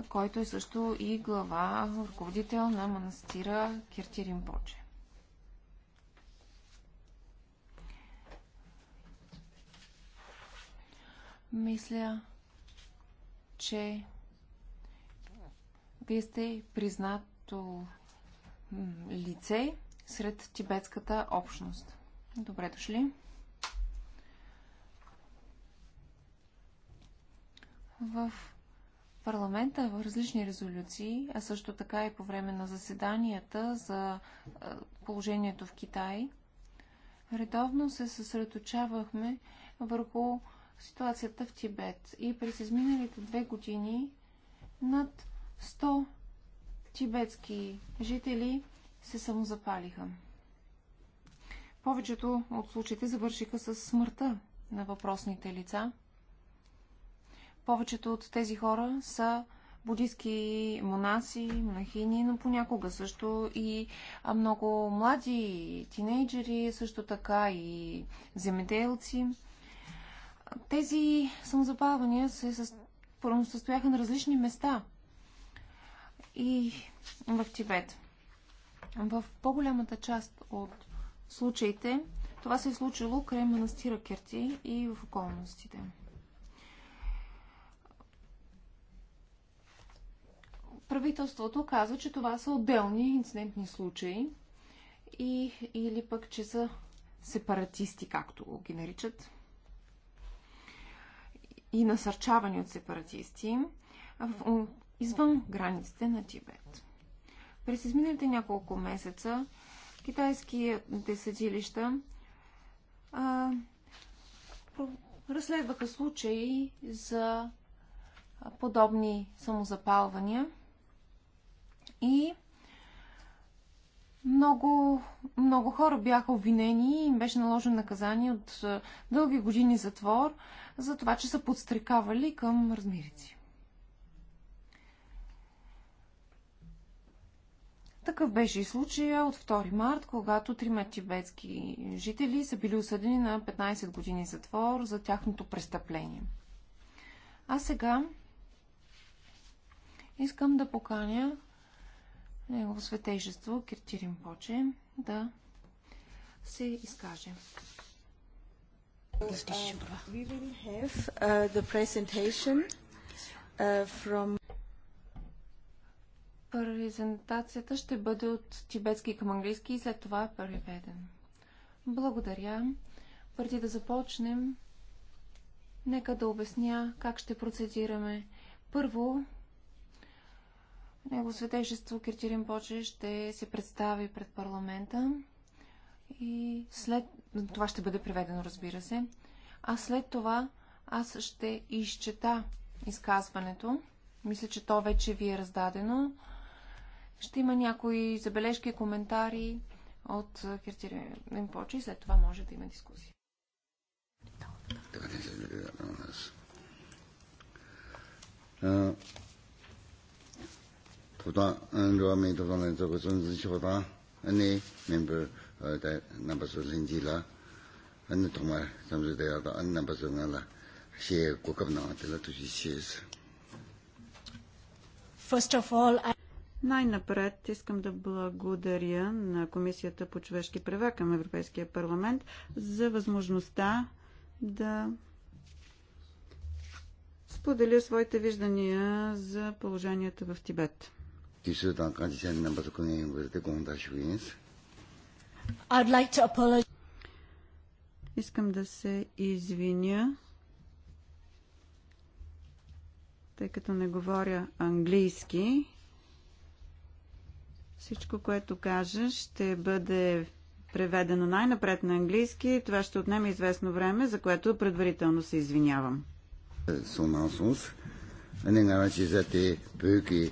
който е също и глава, ръководител на манастира Киртирин Боче. Мисля, че вие сте признато лице сред тибетската общност. Добре дошли! В парламента в различни резолюции, а също така и по време на заседанията за положението в Китай, редовно се съсредоточавахме върху ситуацията в Тибет. И през изминалите две години над 100 тибетски жители се самозапалиха. Повечето от случаите завършиха с смъртта на въпросните лица – повечето от тези хора са будистки монаси, монахини, но понякога също и много млади тинейджери, също така и земеделци. Тези самозабавания се състояха на различни места и в Тибет. В по-голямата част от случаите това се е случило край манастира Керти и в околностите. правителството казва, че това са отделни инцидентни случаи и, или пък, че са сепаратисти, както ги наричат, и насърчавани от сепаратисти извън границите на Тибет. През изминалите няколко месеца китайските съдилища а, разследваха случаи за подобни самозапалвания – и много, много хора бяха обвинени и им беше наложено наказание от е, дълги години затвор за това, че са подстрекавали към размирици. Такъв беше и случая от 2 март, когато трима тибетски жители са били осъдени на 15 години затвор за тяхното престъпление. А сега искам да поканя Негово светейшество Киртирим Поче да се изкаже. Uh, uh, uh, Презентацията ще бъде от тибетски към английски и след това е преведен. Благодаря. Преди да започнем, нека да обясня как ще процедираме. Първо Негово светежество Киртирин Поче ще се представи пред парламента и след... Това ще бъде преведено, разбира се. А след това аз ще изчета изказването. Мисля, че то вече ви е раздадено. Ще има някои забележки, коментари от Киртирин Поче и след това може да има дискусия. Uh... Най-напред искам да благодаря на Комисията по човешки права към Европейския парламент за възможността да споделя своите виждания за положението в Тибет. Дисидентка like to apologize. Искам да се извиня, тъй като не говоря английски. Всичко, което кажа, ще бъде преведено най-напред на английски. Това ще отнеме известно време, за което предварително се извинявам. Сонансус, не навече за те пъки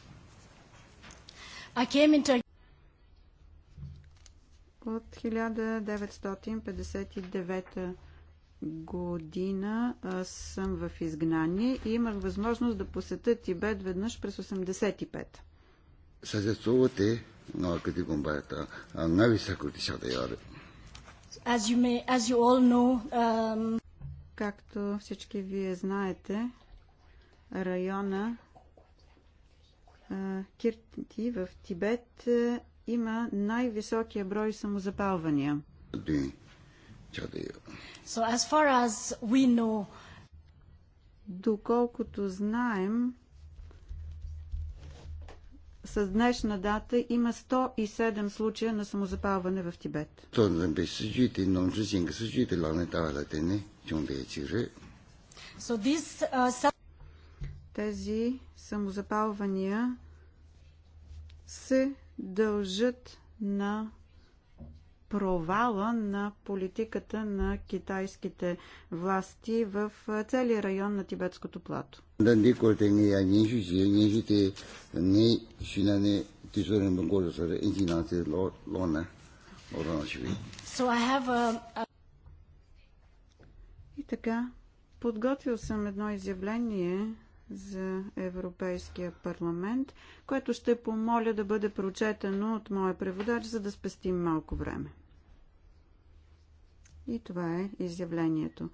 От 1959 година съм в изгнание и имах възможност да посета Тибет веднъж през 85. Съжествувате на къде най а най-високо ти ще as um, Както всички вие знаете, района Кирти в Тибет има най-високия брой самозапалвания. So as far as we know... Доколкото знаем, с днешна дата има 107 случая на самозапалване в Тибет. Е so this, uh, тези самозапалвания се дължат на провала на политиката на китайските власти в целия район на Тибетското плато. И така, подготвил съм едно изявление за Европейския парламент, което ще помоля да бъде прочетено от моя преводач, за да спестим малко време. И това е изявлението.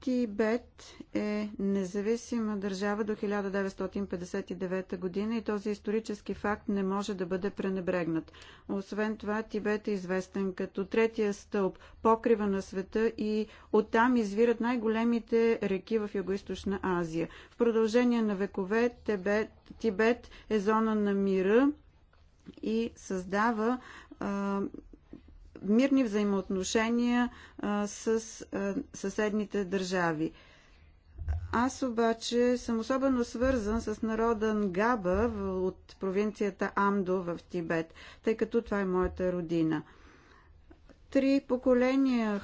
Тибет е независима държава до 1959 година и този исторически факт не може да бъде пренебрегнат. Освен това, Тибет е известен като третия стълб, покрива на света и оттам извират най-големите реки в Юго-Источна Азия. В продължение на векове Тибет, Тибет е зона на мира и създава а, мирни взаимоотношения с съседните държави. Аз обаче съм особено свързан с народа Нгаба от провинцията Амдо в Тибет, тъй като това е моята родина. Три поколения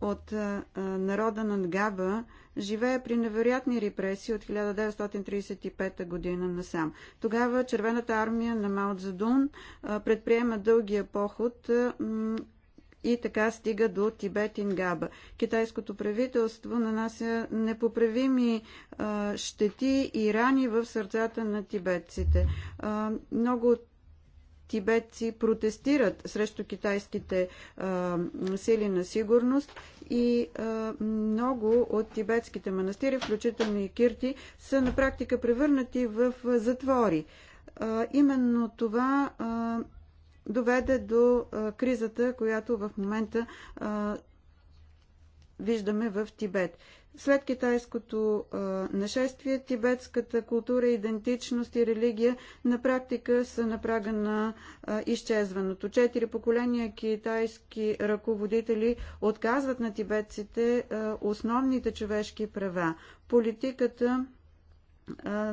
от народа на Нгаба живее при невероятни репресии от 1935 година насам. Тогава Червената армия на Мао предприема дългия поход и така стига до Тибет Ингаба. Китайското правителство нанася непоправими щети и рани в сърцата на тибетците. много от тибетци протестират срещу китайските а, сили на сигурност и а, много от тибетските манастири, включително и кирти, са на практика превърнати в затвори. А, именно това а, доведе до а, кризата, която в момента а, виждаме в Тибет. След китайското а, нашествие, тибетската култура, идентичност и религия на практика са на прага на а, изчезването. Четири поколения китайски ръководители отказват на тибетците а, основните човешки права. Политиката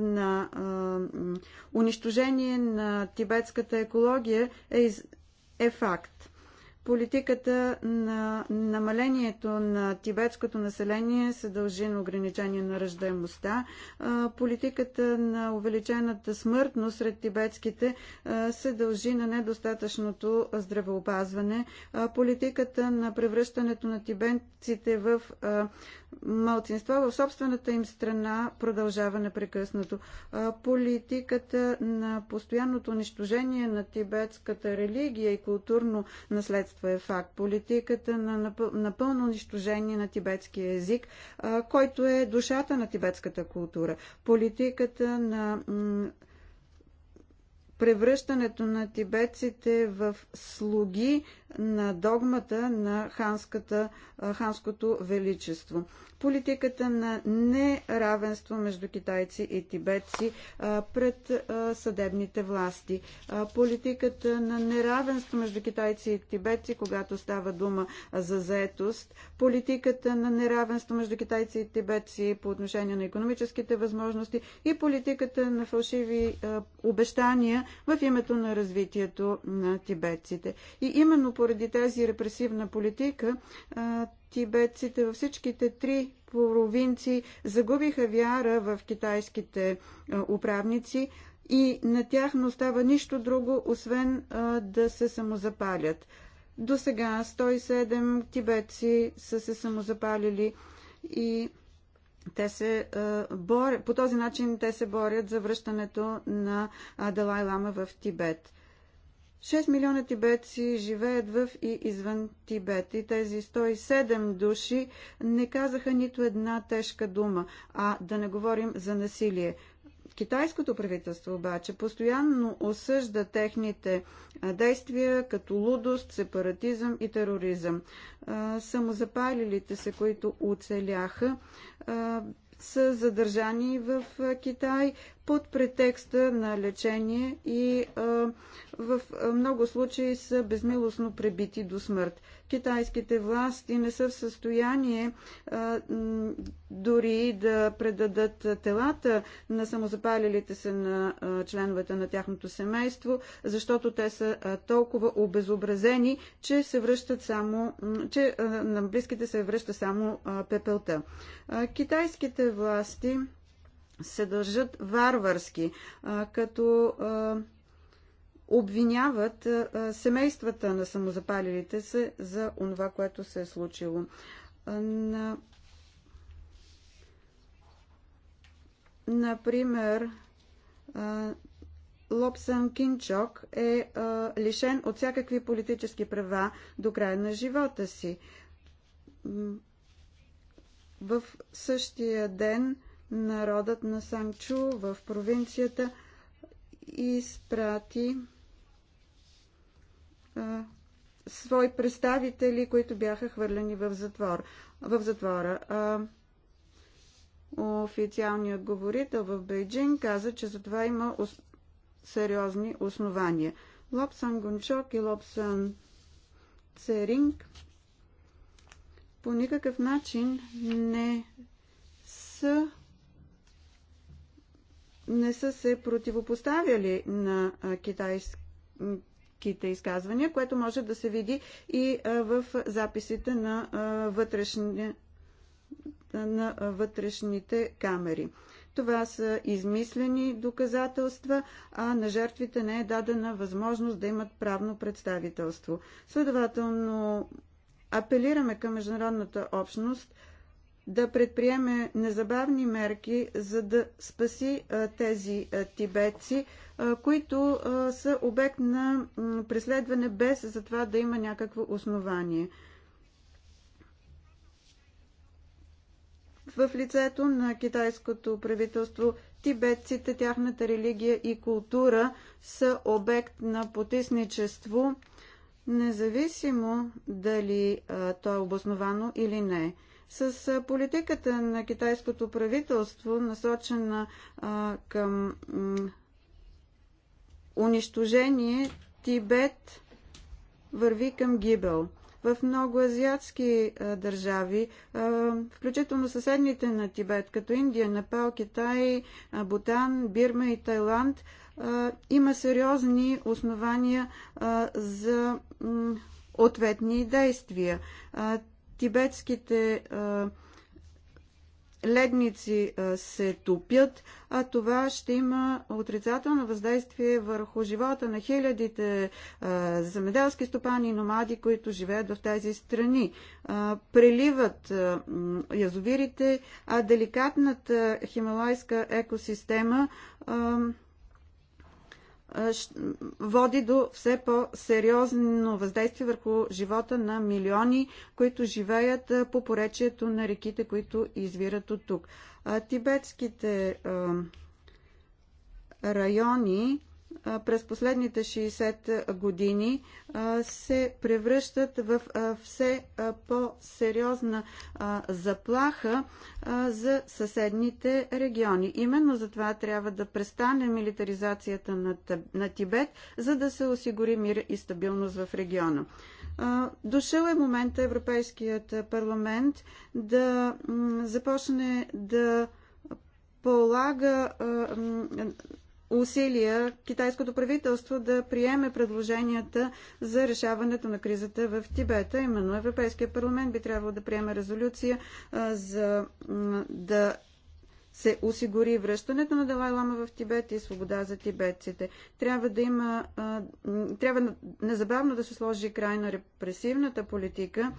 на унищожение на тибетската екология е, е факт. Политиката на намалението на тибетското население се дължи на ограничение на ръждаемостта. Политиката на увеличената смъртност сред тибетските се дължи на недостатъчното здравеопазване. Политиката на превръщането на тибетците в малцинства в собствената им страна продължава непрекъснато. Политиката на постоянното унищожение на тибетската религия и културно наследство обстоятелство е факт. Политиката на напълно унищожение на тибетския език, който е душата на тибетската култура. Политиката на превръщането на тибетците в слуги на догмата на ханската, ханското величество политиката на неравенство между китайци и тибетци пред съдебните власти, политиката на неравенство между китайци и тибетци, когато става дума за заетост, политиката на неравенство между китайци и тибетци по отношение на економическите възможности и политиката на фалшиви обещания в името на развитието на тибетците. И именно поради тази репресивна политика тибетците във всичките три провинции загубиха вяра в китайските е, управници и на тях не остава нищо друго, освен е, да се самозапалят. До сега 107 тибетци са се самозапалили и те се е, борят, по този начин те се борят за връщането на Далай Лама в Тибет. 6 милиона тибетци живеят в и извън Тибет. И тези 107 души не казаха нито една тежка дума, а да не говорим за насилие. Китайското правителство обаче постоянно осъжда техните действия като лудост, сепаратизъм и тероризъм. Самозапалилите се, които оцеляха, са задържани в Китай под претекста на лечение и в много случаи са безмилостно пребити до смърт китайските власти не са в състояние а, дори да предадат телата на самозапалилите се на а, членовете на тяхното семейство, защото те са а, толкова обезобразени, че се връщат само, че а, на близките се връща само а, пепелта. А, китайските власти се държат варварски, а, като а, обвиняват семействата на самозапалилите се за онова, което се е случило. На... Например, Лобсън Кинчок е лишен от всякакви политически права до края на живота си. В същия ден народът на Санчу в провинцията изпрати свои представители, които бяха хвърлени в, затвор, в затвора. А, официалният говорител в Бейджин каза, че за това има ос... сериозни основания. Лобсан Гончок и Лобсан Церинг по никакъв начин не са не са се противопоставяли на китайски кратките изказвания, което може да се види и в записите на, вътрешни, на вътрешните камери. Това са измислени доказателства, а на жертвите не е дадена възможност да имат правно представителство. Следователно, апелираме към международната общност да предприеме незабавни мерки, за да спаси тези тибетци, които са обект на преследване без за това да има някакво основание. В лицето на китайското правителство тибетците, тяхната религия и култура са обект на потисничество, независимо дали а, то е обосновано или не. С политиката на китайското правителство, насочена към унищожение, Тибет върви към гибел. В много азиатски а, държави, а, включително съседните на Тибет, като Индия, Непал, Китай, а, Бутан, Бирма и Тайланд, има сериозни основания за ответни действия тибетските ледници се топят, а това ще има отрицателно въздействие върху живота на хилядите земеделски стопани и номади, които живеят в тези страни. Преливат язовирите, а деликатната хималайска екосистема води до все по-сериозно въздействие върху живота на милиони, които живеят по поречието на реките, които извират от тук. Тибетските райони през последните 60 години се превръщат в все по-сериозна заплаха за съседните региони. Именно за това трябва да престане милитаризацията на Тибет, за да се осигури мир и стабилност в региона. Дошъл е момента Европейският парламент да започне да полага усилия китайското правителство да приеме предложенията за решаването на кризата в Тибета. Именно Европейския парламент би трябвало да приеме резолюция за да се осигури връщането на Далай Лама в Тибет и свобода за тибетците. Трябва да има, трябва незабавно да се сложи край на репресивната политика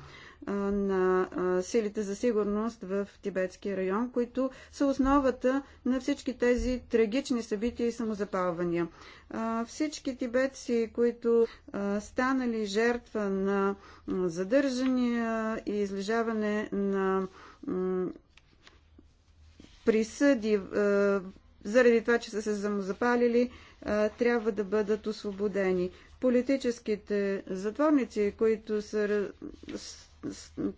на силите за сигурност в тибетския район, които са основата на всички тези трагични събития и самозапалвания. Всички тибетци, които станали жертва на задържания и излежаване на присъди е, заради това, че са се самозапалили, е, трябва да бъдат освободени. Политическите затворници, които са,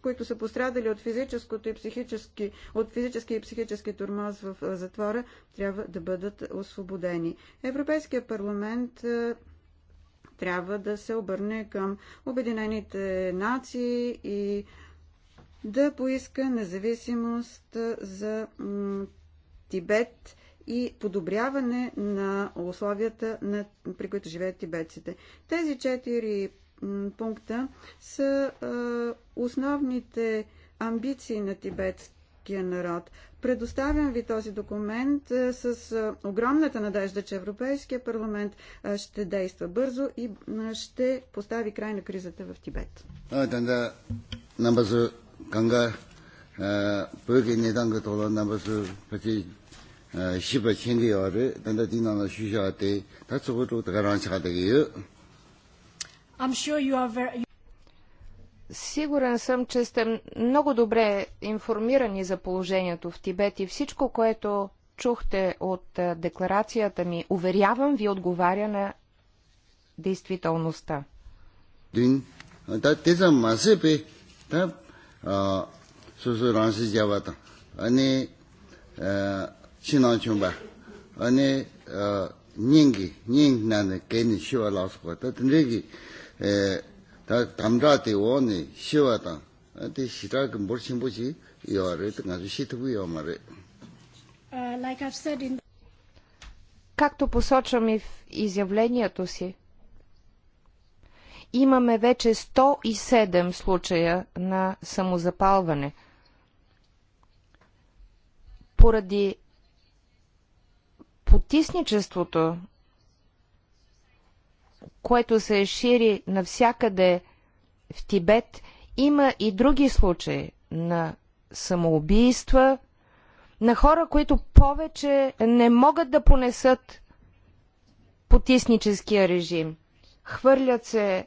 които са пострадали от, физическото и психически, от физически и психически тормоз в е, затвора, трябва да бъдат освободени. Европейския парламент трябва да се обърне към Обединените нации и да поиска независимост за Тибет и подобряване на условията, на, при които живеят тибетците. Тези четири пункта са основните амбиции на тибетския народ. Предоставям ви този документ с огромната надежда, че Европейския парламент ще действа бързо и ще постави край на кризата в Тибет. 刚刚呃，不给你当个讨论，那不是不是呃，西北千个要的，等到地上的学校的，他做不做这个让下的有。I'm е. sure you are very. Сигурен съм, че сте много добре информирани за положението в Тибет и всичко, което чухте от декларацията ми, уверявам ви, отговаря на действителността. Та, те за масе, бе, su su rangsi jiawa tang, ane shinan chungba, ane nyingi, nying nani geni shiwa lasukwa, ta tindrigi 담자 대원이 시와다 어디 시작은 뭘 신부지 이어를 아주 시트고요 말에 Както посочвам и в изявлението си, Имаме вече 107 случая на самозапалване. Поради потисничеството, което се шири навсякъде в Тибет, има и други случаи на самоубийства, на хора, които повече не могат да понесат потисническия режим. Хвърлят се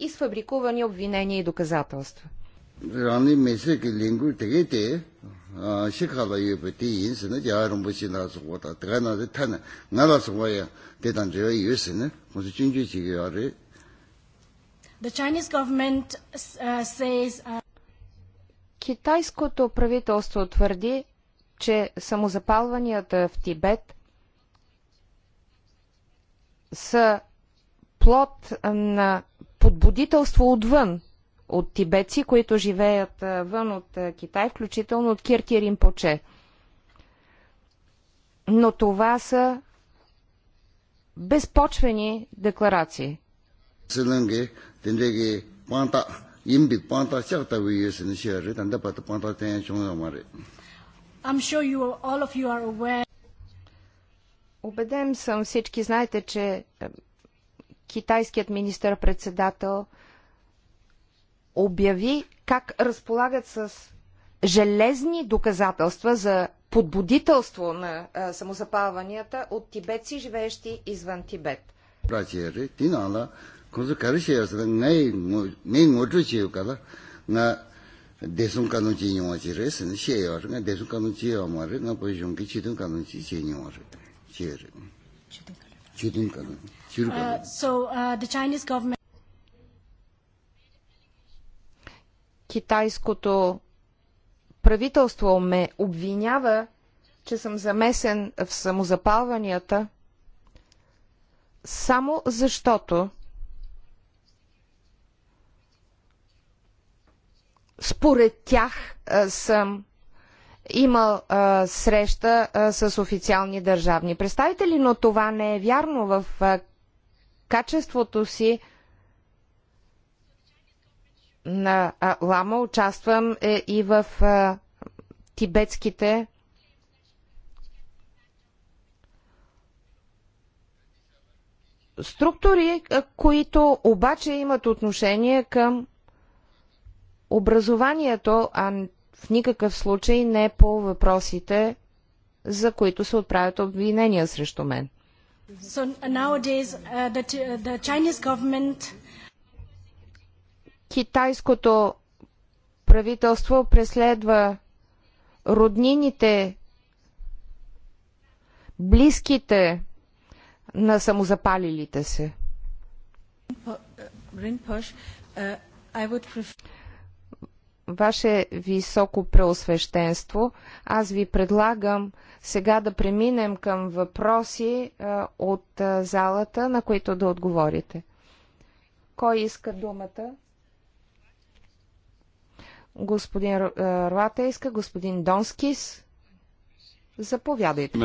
и сфабрикувани обвинения и доказателства. Китайското правителство твърди, че самозапалванията в Тибет са плод на будителство отвън, от тибетци, които живеят вън от Китай, включително от Кирти Римпоче. Но това са безпочвени декларации. Е sure Обеден съм, всички знаете, че китайският министър-председател обяви как разполагат с железни доказателства за подбудителство на самозапалванията от тибетци, живеещи извън Тибет. Uh, so, uh, the Chinese government... Китайското правителство ме обвинява, че съм замесен в самозапалванията, само защото според тях съм имал а, среща а, с официални държавни представители, но това не е вярно. В а, качеството си на лама участвам е, и в тибетските структури, които обаче имат отношение към образованието, а в никакъв случай не по въпросите, за които се отправят обвинения срещу мен. So nowadays, uh, the, uh, the Chinese government... Китайското правителство преследва роднините, близките на самозапалилите се. Rinpoche, uh, I would prefer... Ваше високо преосвещенство, аз ви предлагам сега да преминем към въпроси а, е, от а, е, залата, на които да отговорите. Кой иска думата? Господин е, Руата иска, господин Донскис. Заповядайте.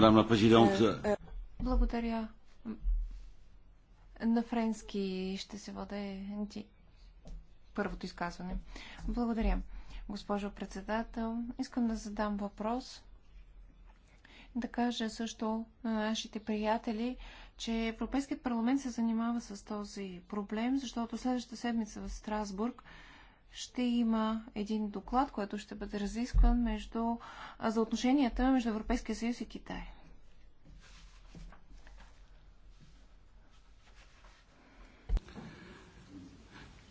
Благодаря. На френски ще се воде първото изказване. Благодаря госпожо председател. Искам да задам въпрос. Да кажа също на нашите приятели, че Европейският парламент се занимава с този проблем, защото следващата седмица в Страсбург ще има един доклад, който ще бъде разискван между, за отношенията между Европейския съюз и Китай.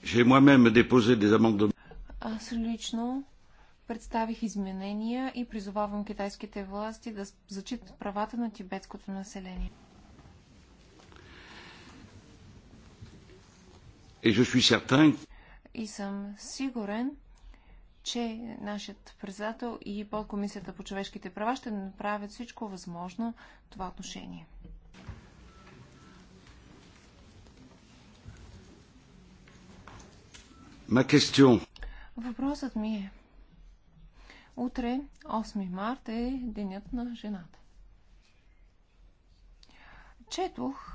J'ai moi-même déposé des amendements. Аз лично представих изменения и призовавам китайските власти да зачитат правата на тибетското население. И съм сигурен, че нашият председател и подкомисията по човешките права ще направят всичко възможно в това отношение. Въпросът ми е. Утре, 8 март, е денят на жената. Четох,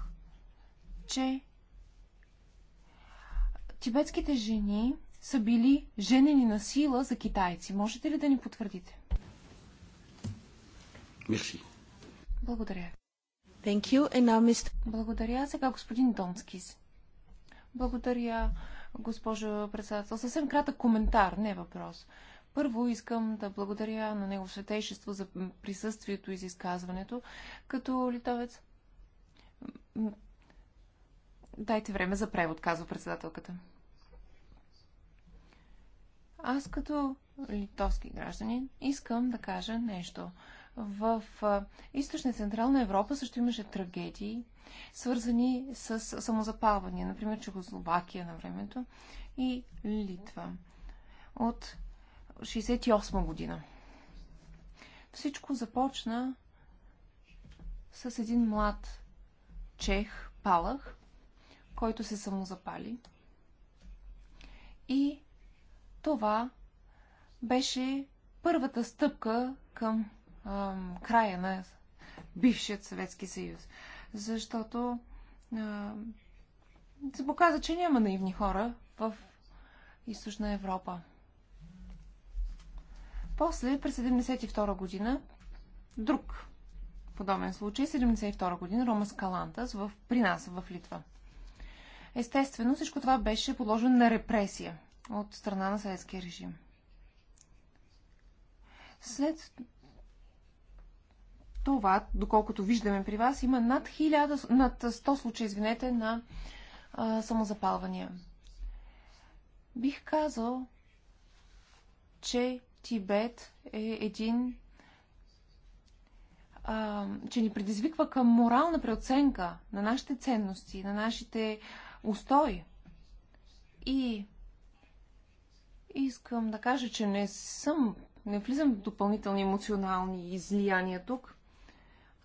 че тибетските жени са били женени на сила за китайци. Можете ли да ни потвърдите? Мерси. Благодаря. Thank you. And now, Mr. Благодаря. Сега господин Донскис. Благодаря госпожо председател. Съвсем кратък коментар, не въпрос. Първо искам да благодаря на Него Светейшество за присъствието и за изказването. Като литовец... Дайте време за превод, казва председателката. Аз като литовски гражданин искам да кажа нещо. В източна и централна Европа също имаше трагедии, свързани с самозапалвания, например Чехословакия на времето и Литва от 68 година. Всичко започна с един млад чех, Палах, който се самозапали. И това беше първата стъпка към а, края на бившият Съветски съюз. Защото а, се показа, че няма наивни хора в източна Европа. После, през 1972 година, друг подобен случай, 1972 година, Рома Скалантас в, при нас в Литва. Естествено, всичко това беше подложено на репресия от страна на съветския режим. След това, доколкото виждаме при вас, има над, 1000, над 100 случаи извинете, на а, самозапалвания. Бих казал, че Тибет е един а, че ни предизвиква към морална преоценка на нашите ценности, на нашите устои. И искам да кажа, че не съм, не влизам в допълнителни емоционални излияния тук,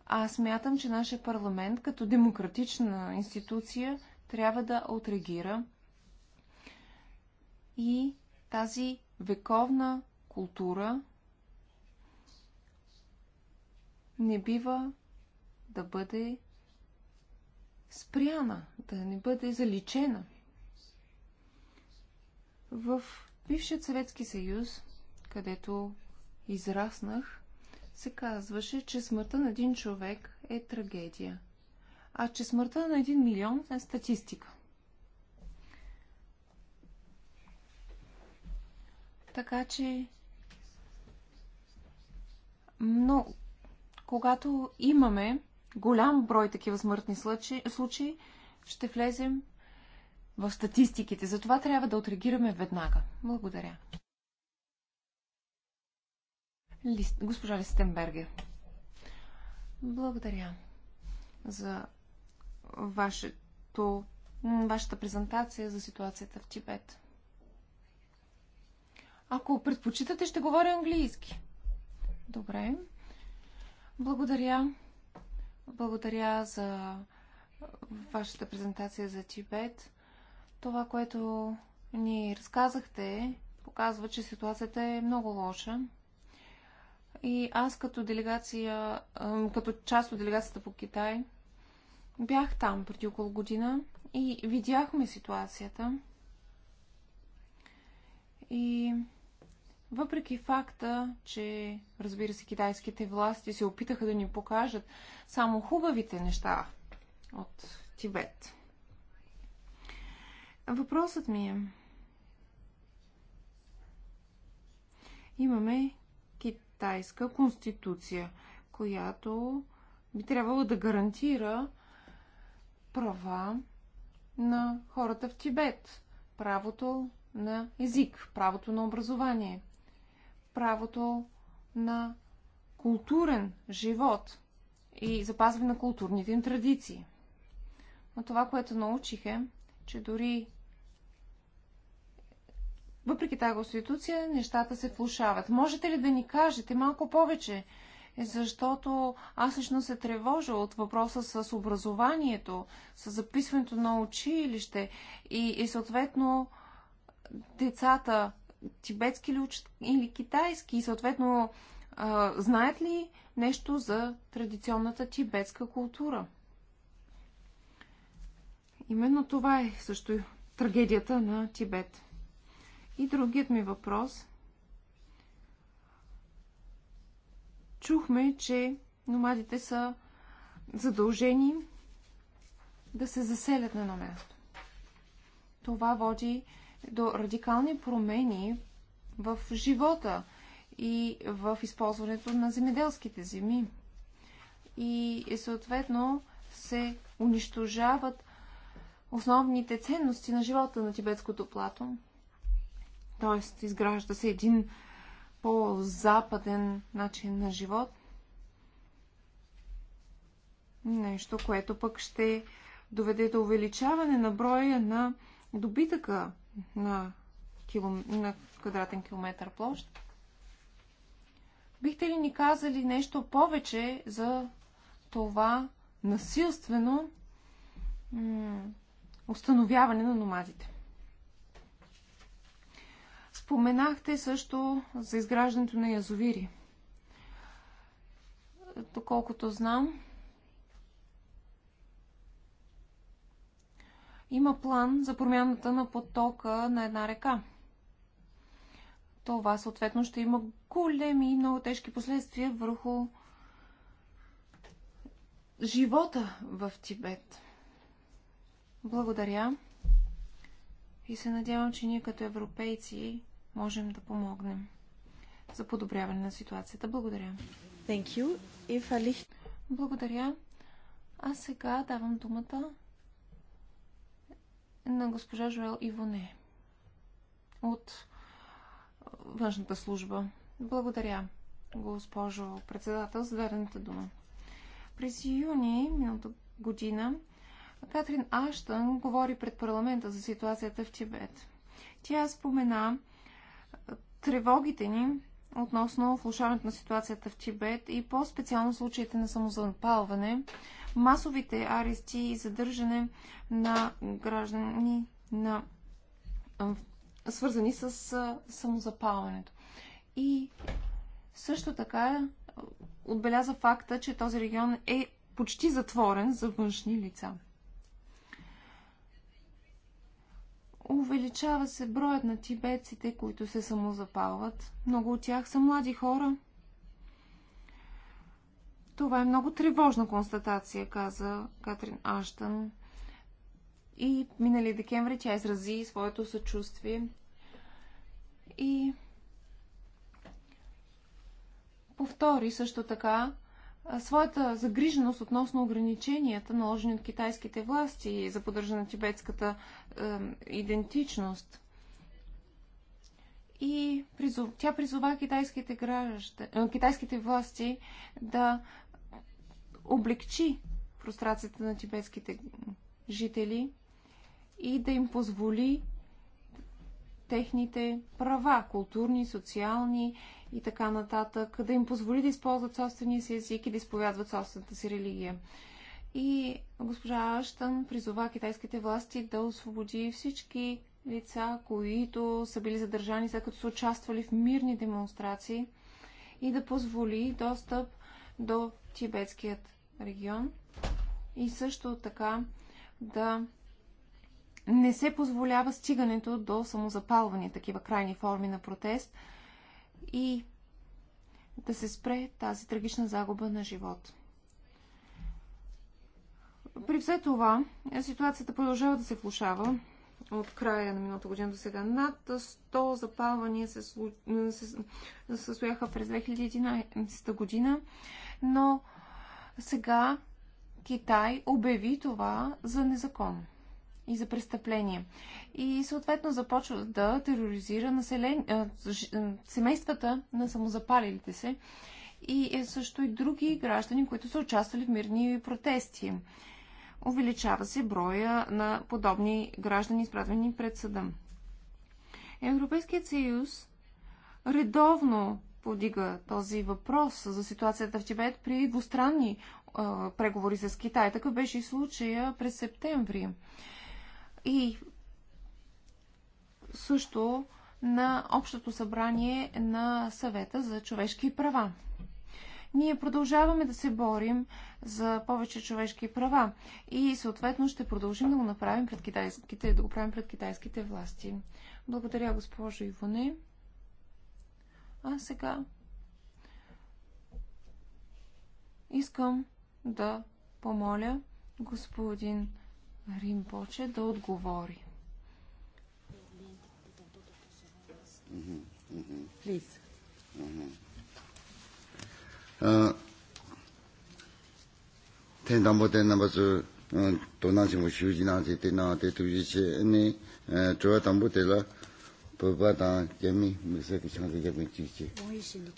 аз смятам, че нашия парламент като демократична институция трябва да отреагира и тази вековна култура не бива да бъде спряна, да не бъде заличена. В бившият Съветски съюз, където израснах, се казваше, че смъртта на един човек е трагедия, а че смъртта на един милион е статистика. Така че, но когато имаме голям брой такива смъртни случаи, ще влезем в статистиките. Затова трябва да отреагираме веднага. Благодаря. Лист... Госпожа Листенберге, благодаря за вашето, вашата презентация за ситуацията в Тибет. Ако предпочитате, ще говоря английски. Добре. Благодаря. Благодаря за вашата презентация за Тибет. Това, което ни разказахте, показва, че ситуацията е много лоша. И аз като делегация, като част от делегацията по Китай, бях там преди около година и видяхме ситуацията. И въпреки факта, че, разбира се, китайските власти се опитаха да ни покажат само хубавите неща от Тибет. Въпросът ми е. Имаме китайска конституция, която би трябвало да гарантира права на хората в Тибет, правото на език, правото на образование, правото на културен живот и запазване на културните им традиции. Но това, което научих е, че дори въпреки тази конституция, нещата се влушават. Можете ли да ни кажете малко повече? Защото аз лично се тревожа от въпроса с образованието, с записването на училище и, и съответно децата тибетски ли учат или китайски и съответно а, знаят ли нещо за традиционната тибетска култура? Именно това е също трагедията на Тибет. И другият ми въпрос. Чухме, че номадите са задължени да се заселят на едно място. Това води до радикални промени в живота и в използването на земеделските земи. И е, съответно се унищожават основните ценности на живота на тибетското плато т.е. изгражда се един по-западен начин на живот. Нещо, което пък ще доведе до увеличаване на броя на добитъка на, килом... на квадратен километър площ. Бихте ли ни казали нещо повече за това насилствено установяване на номадите? Споменахте също за изграждането на язовири. Доколкото знам, има план за промяната на потока на една река. Това съответно ще има големи и много тежки последствия върху живота в Тибет. Благодаря и се надявам, че ние като европейци можем да помогнем за подобряване на ситуацията. Благодаря. Thank you. If I... Благодаря. А сега давам думата на госпожа Жоел Ивоне от външната служба. Благодаря, госпожо председател, за дадената дума. През юни миналата година Катрин Аштън говори пред парламента за ситуацията в Тибет. Тя спомена тревогите ни относно влушаването на ситуацията в Тибет и по-специално случаите на самозапалване, масовите арести и задържане на граждани, на, свързани с самозапалването. И също така отбеляза факта, че този регион е почти затворен за външни лица. Увеличава се броят на тибетците, които се самозапалват. Много от тях са млади хора. Това е много тревожна констатация, каза Катрин Аштън. И минали декември тя изрази своето съчувствие. И повтори също така, своята загриженост относно ограниченията, наложени от китайските власти за поддържане на тибетската е, идентичност. И призов, тя призова китайските, граждан, китайските власти да облегчи прострацията на тибетските жители и да им позволи техните права, културни, социални и така нататък, да им позволи да използват собствения си език и да изповядват собствената си религия. И госпожа Аштън призова китайските власти да освободи всички лица, които са били задържани след като са участвали в мирни демонстрации и да позволи достъп до тибетският регион и също така да не се позволява стигането до самозапалване, такива крайни форми на протест и да се спре тази трагична загуба на живот. При все това, ситуацията продължава да се влушава от края на миналата година до сега. Над 100 запалвания се, слу... се... състояха през 2011 година, но сега Китай обяви това за незаконно и за престъпления. И съответно започва да тероризира населен... семействата на самозапалилите се и е също и други граждани, които са участвали в мирни протести. Увеличава се броя на подобни граждани, изправени пред съда. Европейският съюз редовно подига този въпрос за ситуацията в Тибет при двустранни а, преговори с Китай. Такъв беше и случая през септември и също на Общото събрание на съвета за човешки права. Ние продължаваме да се борим за повече човешки права и съответно ще продължим да го направим пред китайските, да го правим пред китайските власти. Благодаря, госпожо Ивоне. А сега искам да помоля господин Римпоче да отговори. Mm-hmm. Mm-hmm. Please. Mm-hmm. Uh, ten namazu 嗯，都那些么手机那些的那的都一些，你嗯，主要当不得了，不把当见面，没事给乡里这边聚集。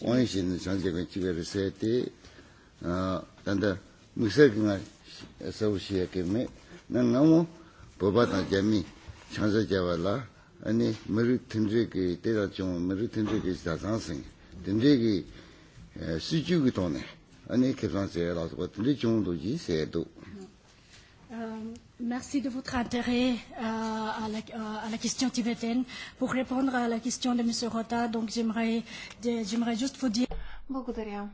王一新的乡里这边聚集是的，啊，但的没事给俺，稍微些给没。나 너무 재미 찬서 아니 머리 튼지기 때다 좀 머리 튼지기 자산생 튼지기 수주기 돈에 아니 계산세라서 같은데 정도지 세도 Merci de votre intérêt euh, à, la, euh, à la question tibétaine. Pour répondre à la question de M. Rota, donc j'aimerais, j'aimerais juste vous dire. Благодаря.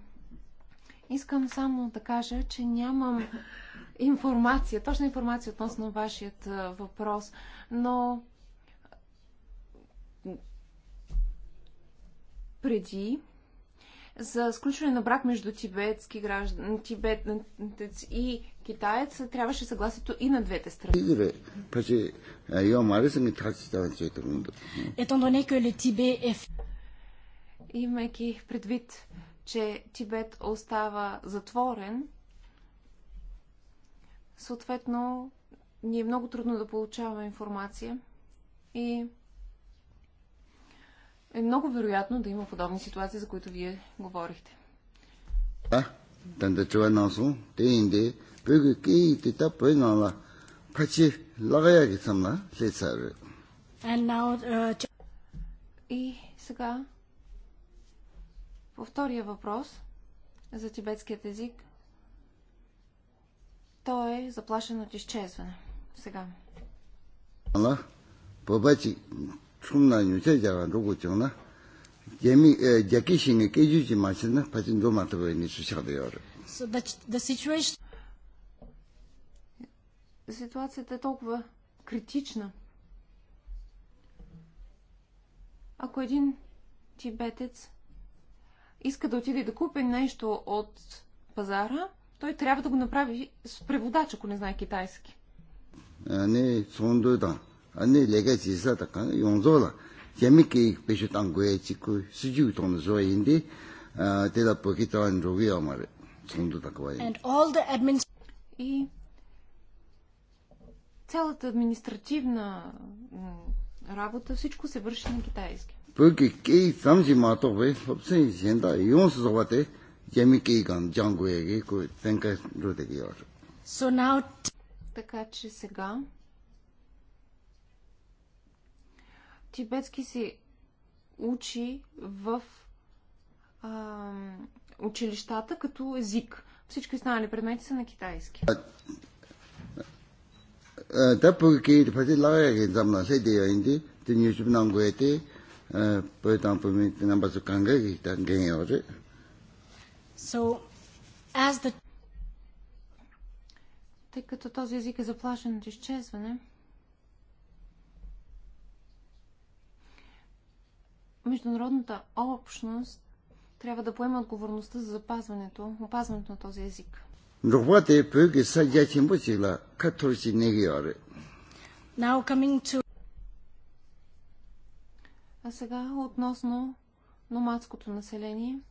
Искам само да кажа, че нямам информация, точна информация относно вашият въпрос, но преди за сключване на брак между тибетски граждан, тибетец и китаец трябваше съгласието и на двете страни. Е Имайки предвид, че Тибет остава затворен, Съответно, ни е много трудно да получаваме информация и е много вероятно да има подобни ситуации, за които вие говорихте. Да, танда чува е насо, те инде, пъгъ кей тита пъйнала, пачи лагая ги съм самна, лецар. Uh, и сега, по втория въпрос за тибетският език – той е заплашен от изчезване. Сега. Ала, бабати, чумна се дява друго тюна. Деми, е, дяки шине, кежучи машина, патин домата Да си чуеш? Ситуацията е толкова критична. Ако един тибетец иска да отиде да купи нещо от пазара, той трябва да го направи с преводач, ако не знае китайски. Ани сондода, ани лега си зиса така, йонзола. Ямики беше там гое чико, сижи тон зо инди, те да покита ан други амаре. Сондо такова е. And all the admin... И цялата административна работа, всичко се върши на китайски. Пъки кей сам си матове, обсен и сенда, и он се зовате, Джангуеги, тенка Рудегиор. So now... Така че сега тибетски се учи в а, училищата като език. Всички останали предмети са на китайски. Да, на инди, ти канга ги So, as the... Тъй като този език е заплашен от изчезване, международната общност трябва да поема отговорността за запазването, опазването на този език. Е Now coming to... А сега относно номадското население –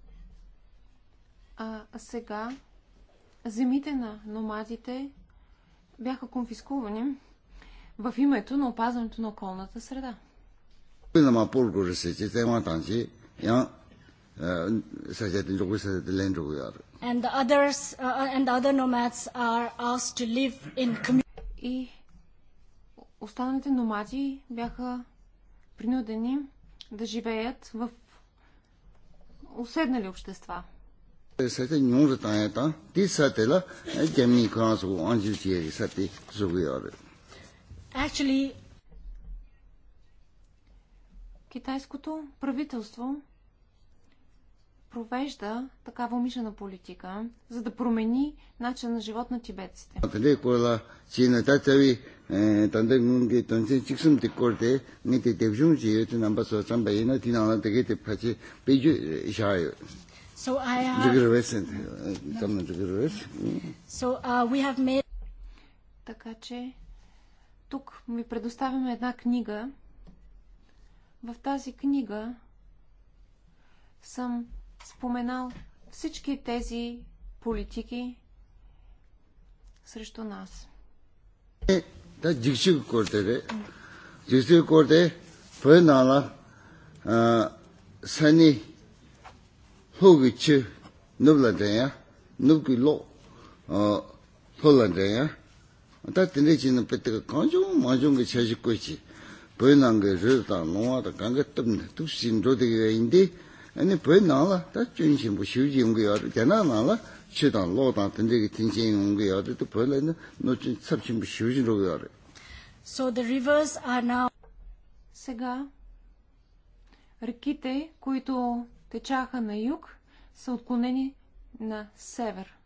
А сега земите на номадите бяха конфискувани в името на опазването на околната среда. И останалите номади бяха принудени да живеят в уседнали общества sate tanya di sate la eh, kaan chiye sate Actually, китайското правителство провежда такава умишлена политика, за да промени начин на живот на тибетците. So I have... Е, е, там So uh, we have made... Така че тук ми предоставяме една книга. В тази книга съм споменал всички тези политики срещу нас. Е, да, дикши кортере. Дикши пъй нала, сани, hogi chi nubla daya, nubki lo hola daya. Da tende chi na petiga kanchung manchung ki chashik kuchi. Poi nanga rida nongwa da ganga tabna tuksin rodiga indi. Ani poi nangla da junshin bu shiuji yungu yadu. Dana nangla chi dan lo dan tende ki tinshin yungu yadu. Da poi la no chun tsabshin bu shiuji yungu yadu. So the rivers are now... Сега реките, които течаха на юг, са отклонени на север.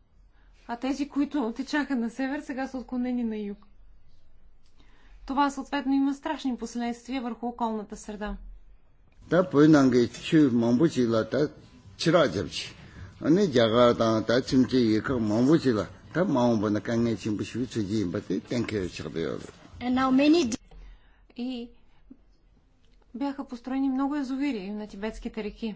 А тези, които течаха на север, сега са отклонени на юг. Това съответно има страшни последствия върху околната среда. Да, поинанге чу мамбучила, да чираджавчи. А не джагара, да чимче ека мамбучила. Да мамбо на канге чимбуши, чуджи имбати, тенке чардайо. И бяха построени много язовири на тибетските реки.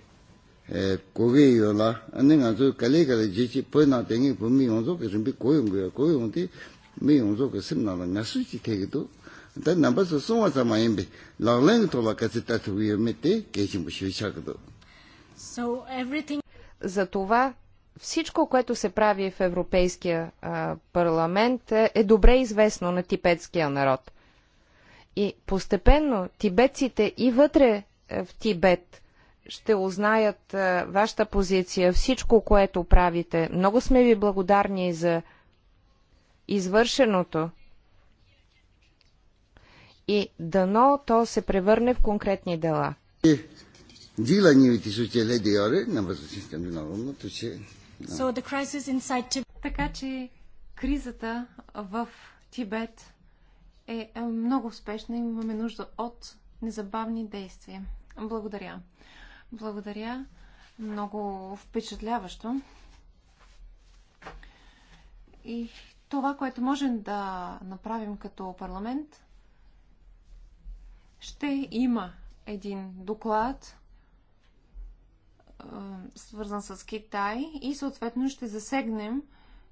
So everything за това всичко, което се прави в Европейския а, парламент е, е добре известно на тибетския народ. И постепенно тибетците и вътре е, в Тибет – ще узнаят е, вашата позиция, всичко, което правите. Много сме ви благодарни за извършеното. И дано то се превърне в конкретни дела. Така че кризата в Тибет е, е много успешна и имаме нужда от незабавни действия. Благодаря. Благодаря. Много впечатляващо. И това, което можем да направим като парламент, ще има един доклад, свързан с Китай и съответно ще засегнем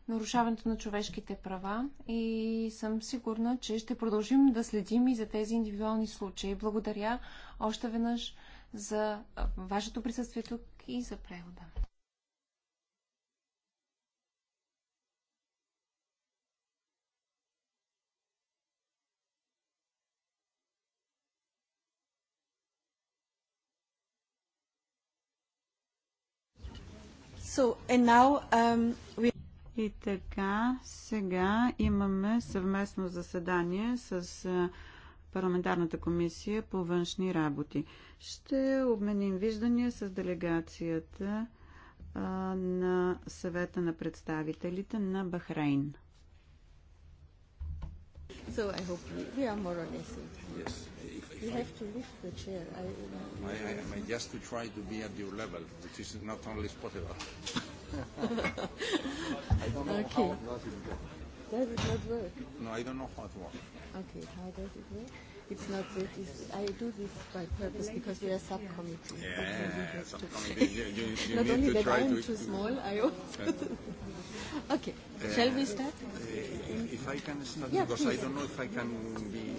нарушаването на човешките права и съм сигурна, че ще продължим да следим и за тези индивидуални случаи. Благодаря още веднъж за вашето присъствие тук и за превода. So, and now, um, we... И така, сега имаме съвместно заседание с парламентарната комисия по външни работи. Ще обменим виждания с делегацията а, на съвета на представителите на Бахрейн. So I hope we are more or less. Yes. If, if you I, have to lift the chair. I, I, I, I just to try to be at your level, which is not only possible. I don't know okay. how it would work. That would not work. No, I don't know how it works okay how does it work It's not. that It's, I do this by purpose because we are subcommittee. Yeah, subcommittee. not only that I am to, too small, I also. okay. Shall we start? If I can start, yeah, because please. I don't know if I can be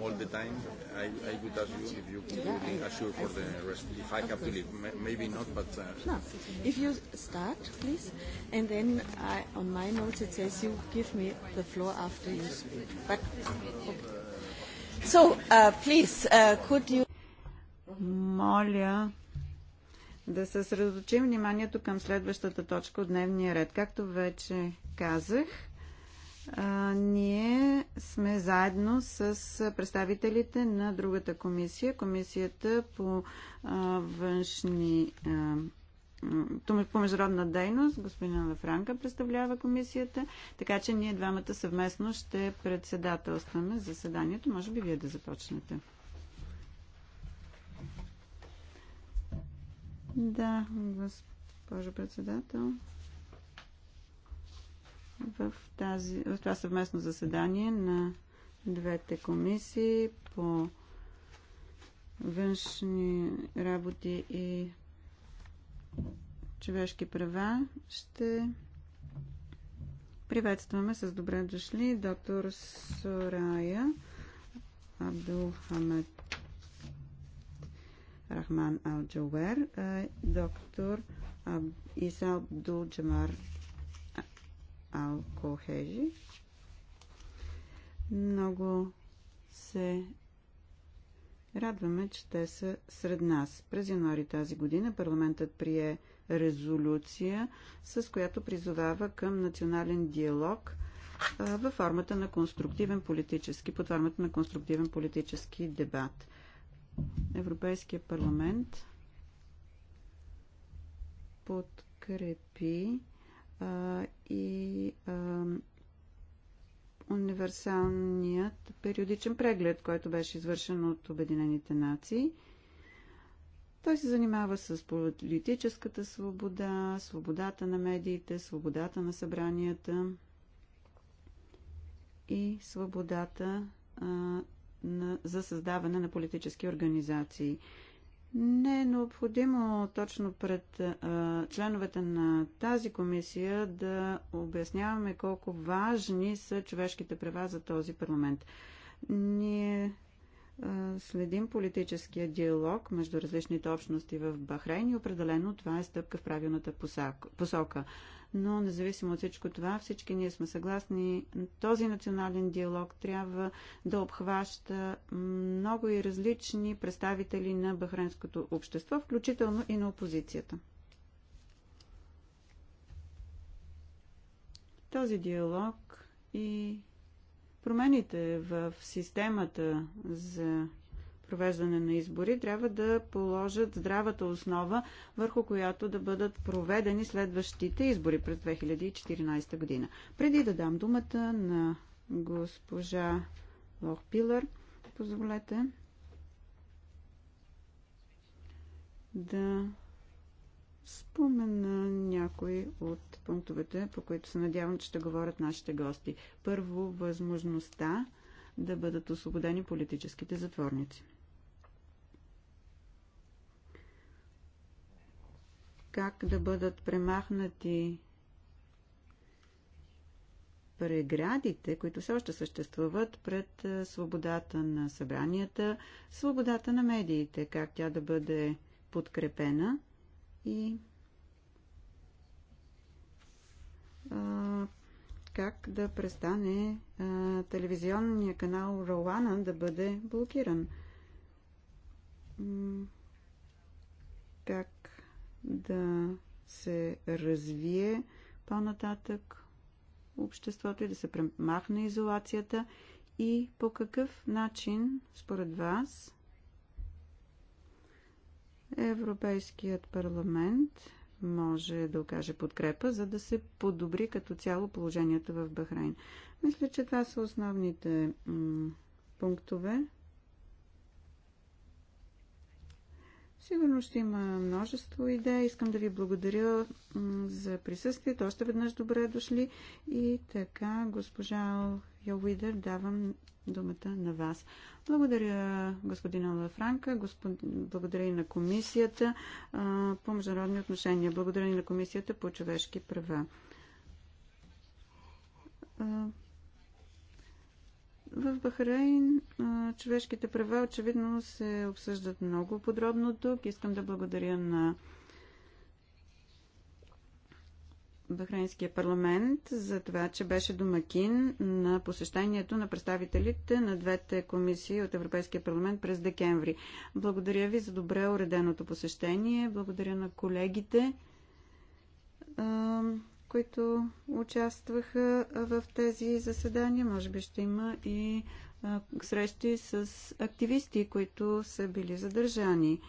all the time, I, I would ask you if you could yeah, assured for the rest, if I have to leave. Maybe not, but... Uh, no, if you start, please, and then I, on my notes it says you give me the floor after you speak. But, okay. So, uh, please, uh, could you... Моля да се съсредоточим вниманието към следващата точка от дневния ред. Както вече казах, а, ние сме заедно с представителите на другата комисия, комисията по а, външни а, по е международна дейност. Господин Лафранка представлява комисията, така че ние двамата съвместно ще председателстваме заседанието. Може би вие да започнете. Да, госпожо председател. В, тази, в това съвместно заседание на двете комисии по външни работи и човешки права ще приветстваме с добре дошли доктор Сорая Абдулхамед Рахман Алджауер, доктор Иса Абдул Джамар Алкохежи. Много се Радваме, че те са сред нас. През януари тази година парламентът прие резолюция, с която призовава към национален диалог в формата на конструктивен политически, под формата на конструктивен политически дебат. Европейския парламент подкрепи а, и а, универсалният периодичен преглед, който беше извършен от Обединените нации. Той се занимава с политическата свобода, свободата на медиите, свободата на събранията и свободата а, на, за създаване на политически организации. Не е необходимо точно пред а, членовете на тази комисия да обясняваме колко важни са човешките права за този парламент. Ние а, следим политическия диалог между различните общности в Бахрейн и определено това е стъпка в правилната посока но независимо от всичко това, всички ние сме съгласни, този национален диалог трябва да обхваща много и различни представители на бахренското общество, включително и на опозицията. Този диалог и промените в системата за провеждане на избори, трябва да положат здравата основа, върху която да бъдат проведени следващите избори през 2014 година. Преди да дам думата на госпожа Лохпилър, позволете да спомена някои от пунктовете, по които се надявам, че ще говорят нашите гости. Първо, възможността да бъдат освободени политическите затворници. как да бъдат премахнати преградите, които все още съществуват пред свободата на събранията, свободата на медиите, как тя да бъде подкрепена и а, как да престане а, телевизионния канал Ролана да бъде блокиран. Как да се развие по-нататък обществото и да се премахне изолацията и по какъв начин, според вас, Европейският парламент може да окаже подкрепа, за да се подобри като цяло положението в Бахрейн. Мисля, че това са основните пунктове. Сигурно ще има множество идеи. Искам да ви благодаря за присъствието. Още веднъж добре дошли. И така, госпожа Йовидер, давам думата на вас. Благодаря господина Франка, господ... благодаря и на комисията а, по международни отношения, благодаря и на комисията по човешки права. А, в Бахрейн човешките права очевидно се обсъждат много подробно тук. Искам да благодаря на Бахрейнския парламент за това, че беше домакин на посещението на представителите на двете комисии от Европейския парламент през декември. Благодаря ви за добре уреденото посещение. Благодаря на колегите които участваха в тези заседания. Може би ще има и срещи с активисти, които са били задържани.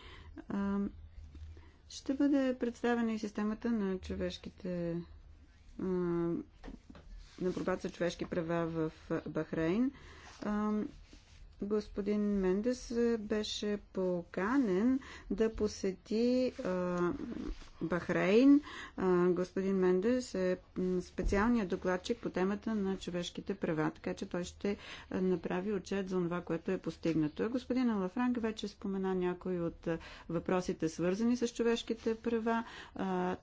Ще бъде представена и системата на човешките на борбата за човешки права в Бахрейн. Господин Мендес беше поканен да посети Бахрейн. Господин Мендес е специалният докладчик по темата на човешките права, така че той ще направи отчет за това, което е постигнато. Господин Алафранк вече спомена някои от въпросите, свързани с човешките права.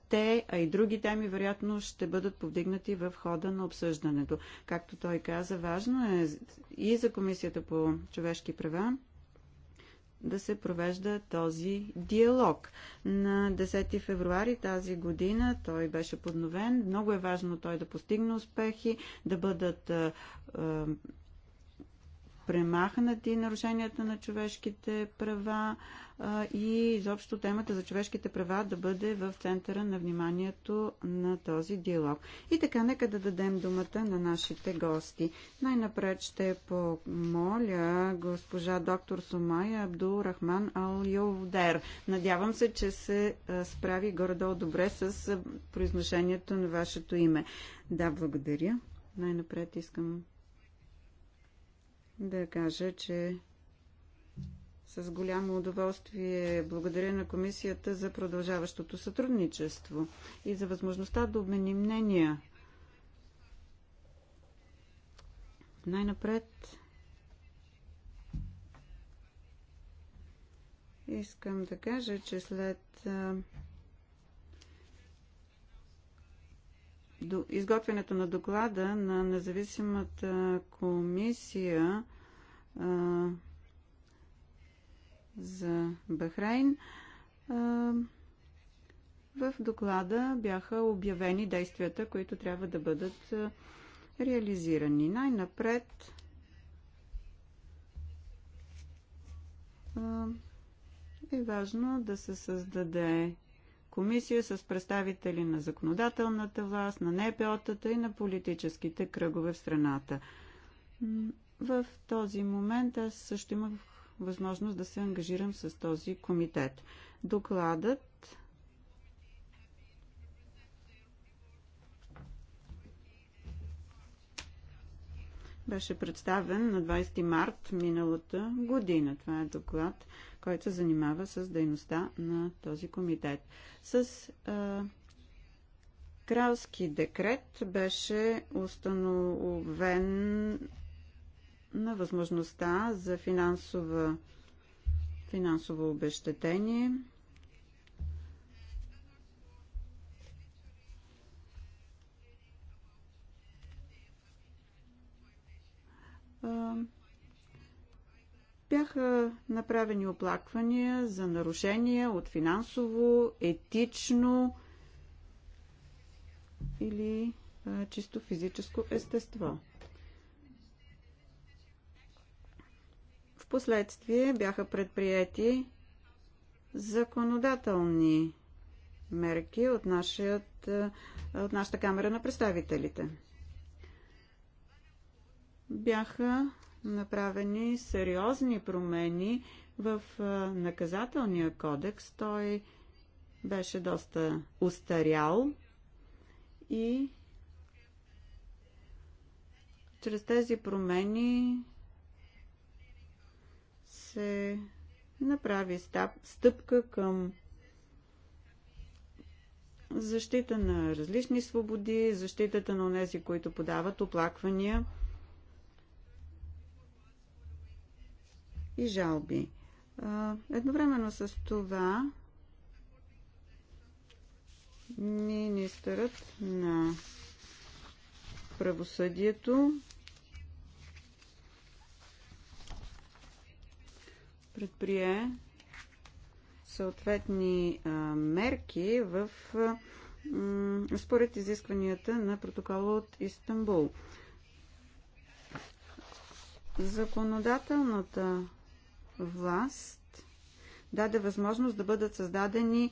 Те, а и други теми, вероятно, ще бъдат повдигнати в хода на обсъждането. Както той каза, важно е и за Комисията по човешки права, да се провежда този диалог. На 10 февруари тази година той беше подновен. Много е важно той да постигне успехи, да бъдат е, е, премахнати нарушенията на човешките права и изобщо темата за човешките права да бъде в центъра на вниманието на този диалог. И така, нека да дадем думата на нашите гости. Най-напред ще помоля госпожа доктор Сумай Абдул Рахман Ал Йовдер. Надявам се, че се справи горе-долу добре с произношението на вашето име. Да, благодаря. Най-напред искам да кажа, че с голямо удоволствие благодаря на комисията за продължаващото сътрудничество и за възможността да обменим мнения. Най-напред искам да кажа, че след до изготвянето на доклада на независимата комисия а, за Бахрейн, а, в доклада бяха обявени действията, които трябва да бъдат реализирани. Най-напред е важно да се създаде комисия с представители на законодателната власт, на НПО-тата и на политическите кръгове в страната. В този момент аз също имах възможност да се ангажирам с този комитет. Докладът беше представен на 20 март миналата година. Това е доклад който се занимава с дейността на този комитет. С а, кралски декрет беше установен на възможността за финансова, финансово обещетение. Um... А бяха направени оплаквания за нарушения от финансово, етично или а, чисто физическо естество. В последствие бяха предприяти законодателни мерки от, нашият, от нашата камера на представителите. Бяха направени сериозни промени в наказателния кодекс. Той беше доста устарял и чрез тези промени се направи стъпка към защита на различни свободи, защитата на тези, които подават оплаквания – и жалби. Едновременно с това министърът на правосъдието предприе съответни мерки в според изискванията на протокола от Истанбул. Законодателната власт даде възможност да бъдат създадени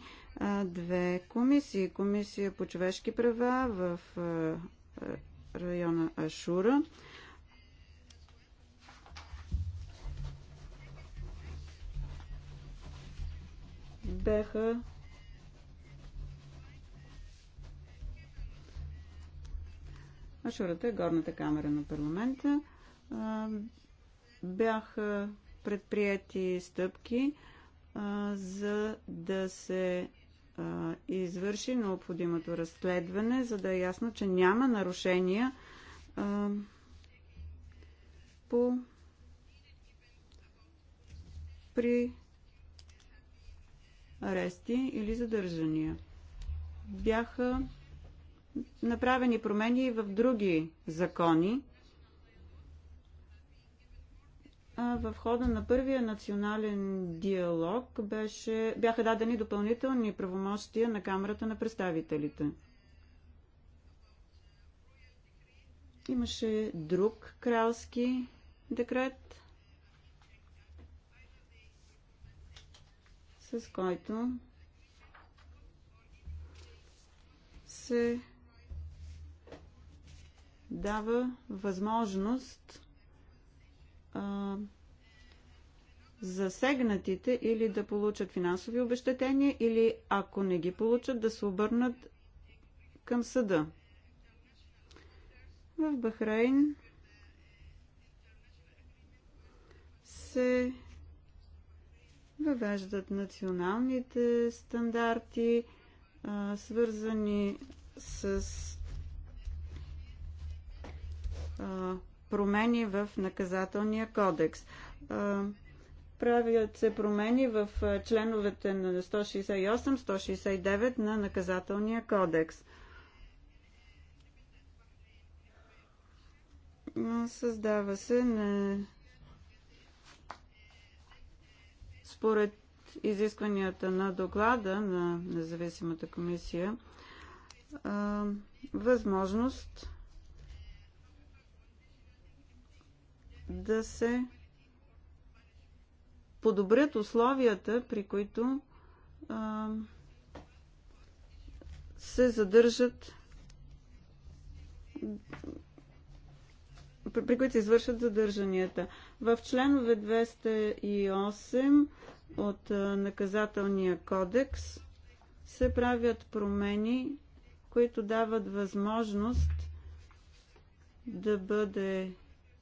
две комисии. Комисия по човешки права в района Ашура. Беха Ашурата е горната камера на парламента. Бяха предприяти стъпки, а, за да се а, извърши необходимото разследване, за да е ясно, че няма нарушения а, по при арести или задържания. Бяха направени промени и в други закони, в хода на първия национален диалог беше, бяха дадени допълнителни правомощия на Камерата на представителите. Имаше друг кралски декрет, с който се дава възможност а, засегнатите или да получат финансови обещетения, или ако не ги получат, да се обърнат към съда. В Бахрейн се въвеждат националните стандарти, свързани с промени в наказателния кодекс. Правят се промени в членовете на 168-169 на наказателния кодекс. Създава се не... според изискванията на доклада на независимата комисия възможност да се подобрят условията, при които а, се задържат при, при които се извършат задържанията. В членове 208 от наказателния кодекс се правят промени, които дават възможност да бъде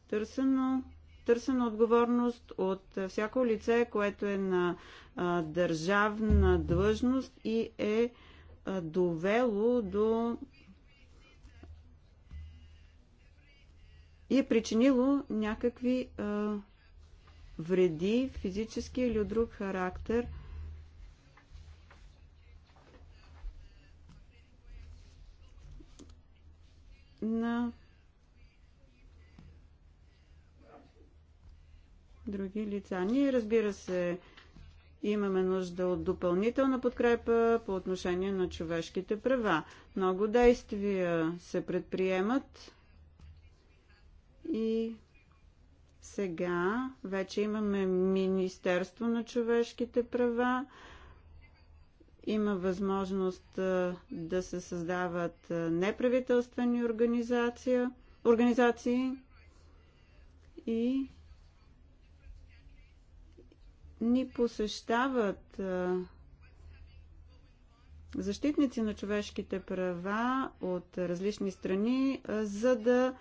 търсено, търсена отговорност от всяко лице, което е на а, държавна длъжност и е а, довело до и е причинило някакви а, вреди, физически или от друг характер. на други лица. Ние, разбира се, имаме нужда от допълнителна подкрепа по отношение на човешките права. Много действия се предприемат и сега вече имаме Министерство на човешките права. Има възможност да се създават неправителствени организации и ни посещават защитници на човешките права от различни страни, за да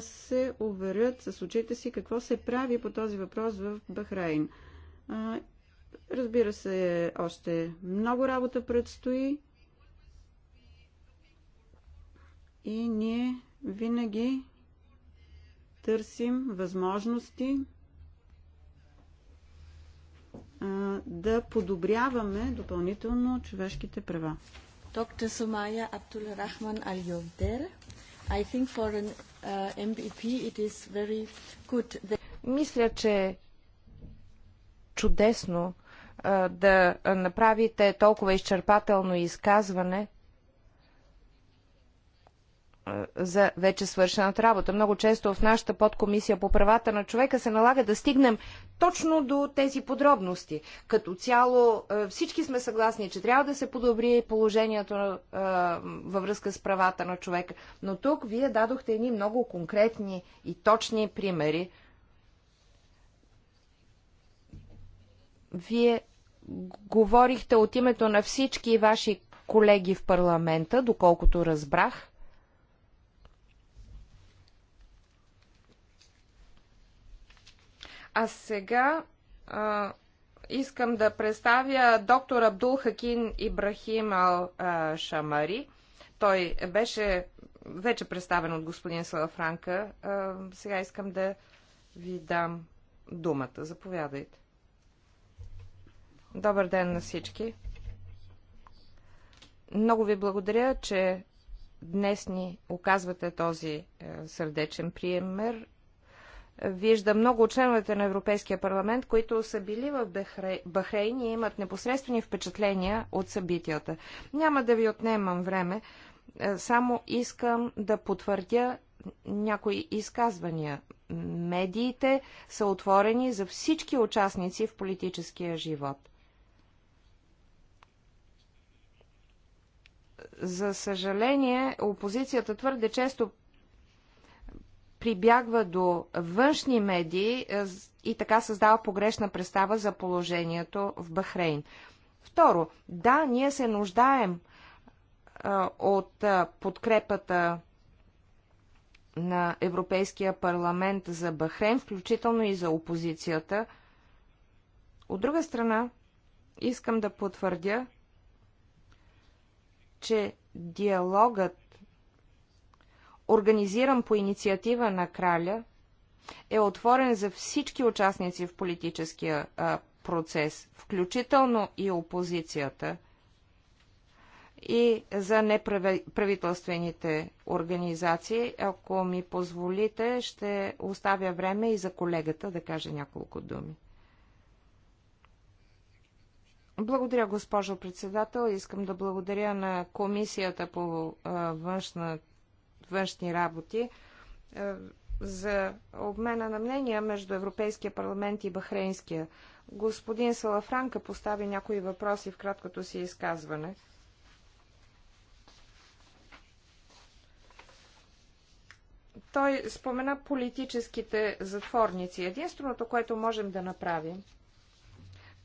се уверят с очите си какво се прави по този въпрос в Бахрейн. Разбира се, още много работа предстои и ние винаги търсим възможности да подобряваме допълнително човешките права. Доктор Сумая Абдул Рахман Al I think for an uh, MVP it is very good. That... Мисля, че чудесно да направите толкова изчерпателно изказване за вече свършената работа. Много често в нашата подкомисия по правата на човека се налага да стигнем точно до тези подробности. Като цяло всички сме съгласни, че трябва да се подобри положението във връзка с правата на човека. Но тук вие дадохте едни много конкретни и точни примери. Вие говорихте от името на всички ваши колеги в парламента, доколкото разбрах – А сега а, искам да представя доктор Абдул Хакин Ибрахим Ал а, Шамари. Той беше вече представен от господин Салафранка. А, сега искам да ви дам думата. Заповядайте. Добър ден на всички. Много ви благодаря, че днес ни оказвате този е, сърдечен пример вижда много от членовете на Европейския парламент, които са били в Бахрейн и имат непосредствени впечатления от събитията. Няма да ви отнемам време, е, само искам да потвърдя някои изказвания. Медиите са отворени за всички участници в политическия живот. За съжаление, опозицията твърде често прибягва до външни медии е, и така създава погрешна представа за положението в Бахрейн. Второ, да, ние се нуждаем е, от е, подкрепата на Европейския парламент за Бахрейн, включително и за опозицията. От друга страна, искам да потвърдя, че диалогът организиран по инициатива на краля, е отворен за всички участници в политическия а, процес, включително и опозицията и за неправителствените организации. Ако ми позволите, ще оставя време и за колегата да каже няколко думи. Благодаря, госпожо председател. Искам да благодаря на Комисията по външна външни работи е, за обмена на мнения между Европейския парламент и Бахрейнския. Господин Салафранка постави някои въпроси в краткото си изказване. Той спомена политическите затворници. Единственото, което можем да направим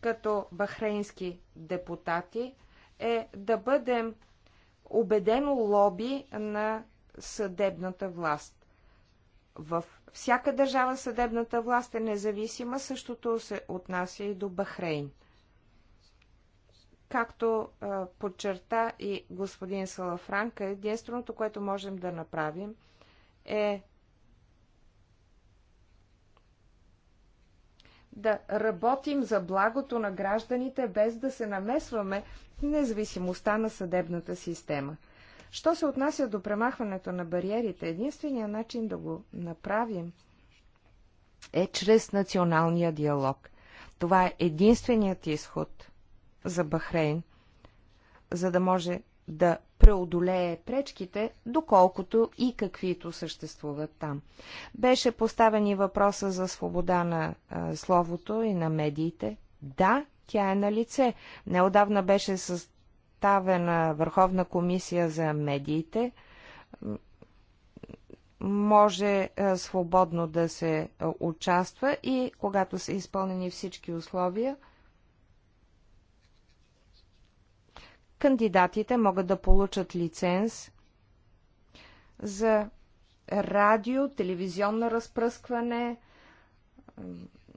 като бахрейнски депутати е да бъдем убедено лоби на съдебната власт. Във всяка държава съдебната власт е независима, същото се отнася и до Бахрейн. Както а, подчерта и господин Салафранка, единственото, което можем да направим е да работим за благото на гражданите, без да се намесваме в независимостта на съдебната система. Що се отнася до премахването на бариерите, единственият начин да го направим е чрез националния диалог. Това е единственият изход за Бахрейн, за да може да преодолее пречките, доколкото и каквито съществуват там. Беше поставен и въпроса за свобода на а, словото и на медиите. Да, тя е на лице. Неодавна беше със представена Върховна комисия за медиите може е, свободно да се е, участва и когато са изпълнени всички условия, кандидатите могат да получат лиценз за радио, телевизионно разпръскване, е,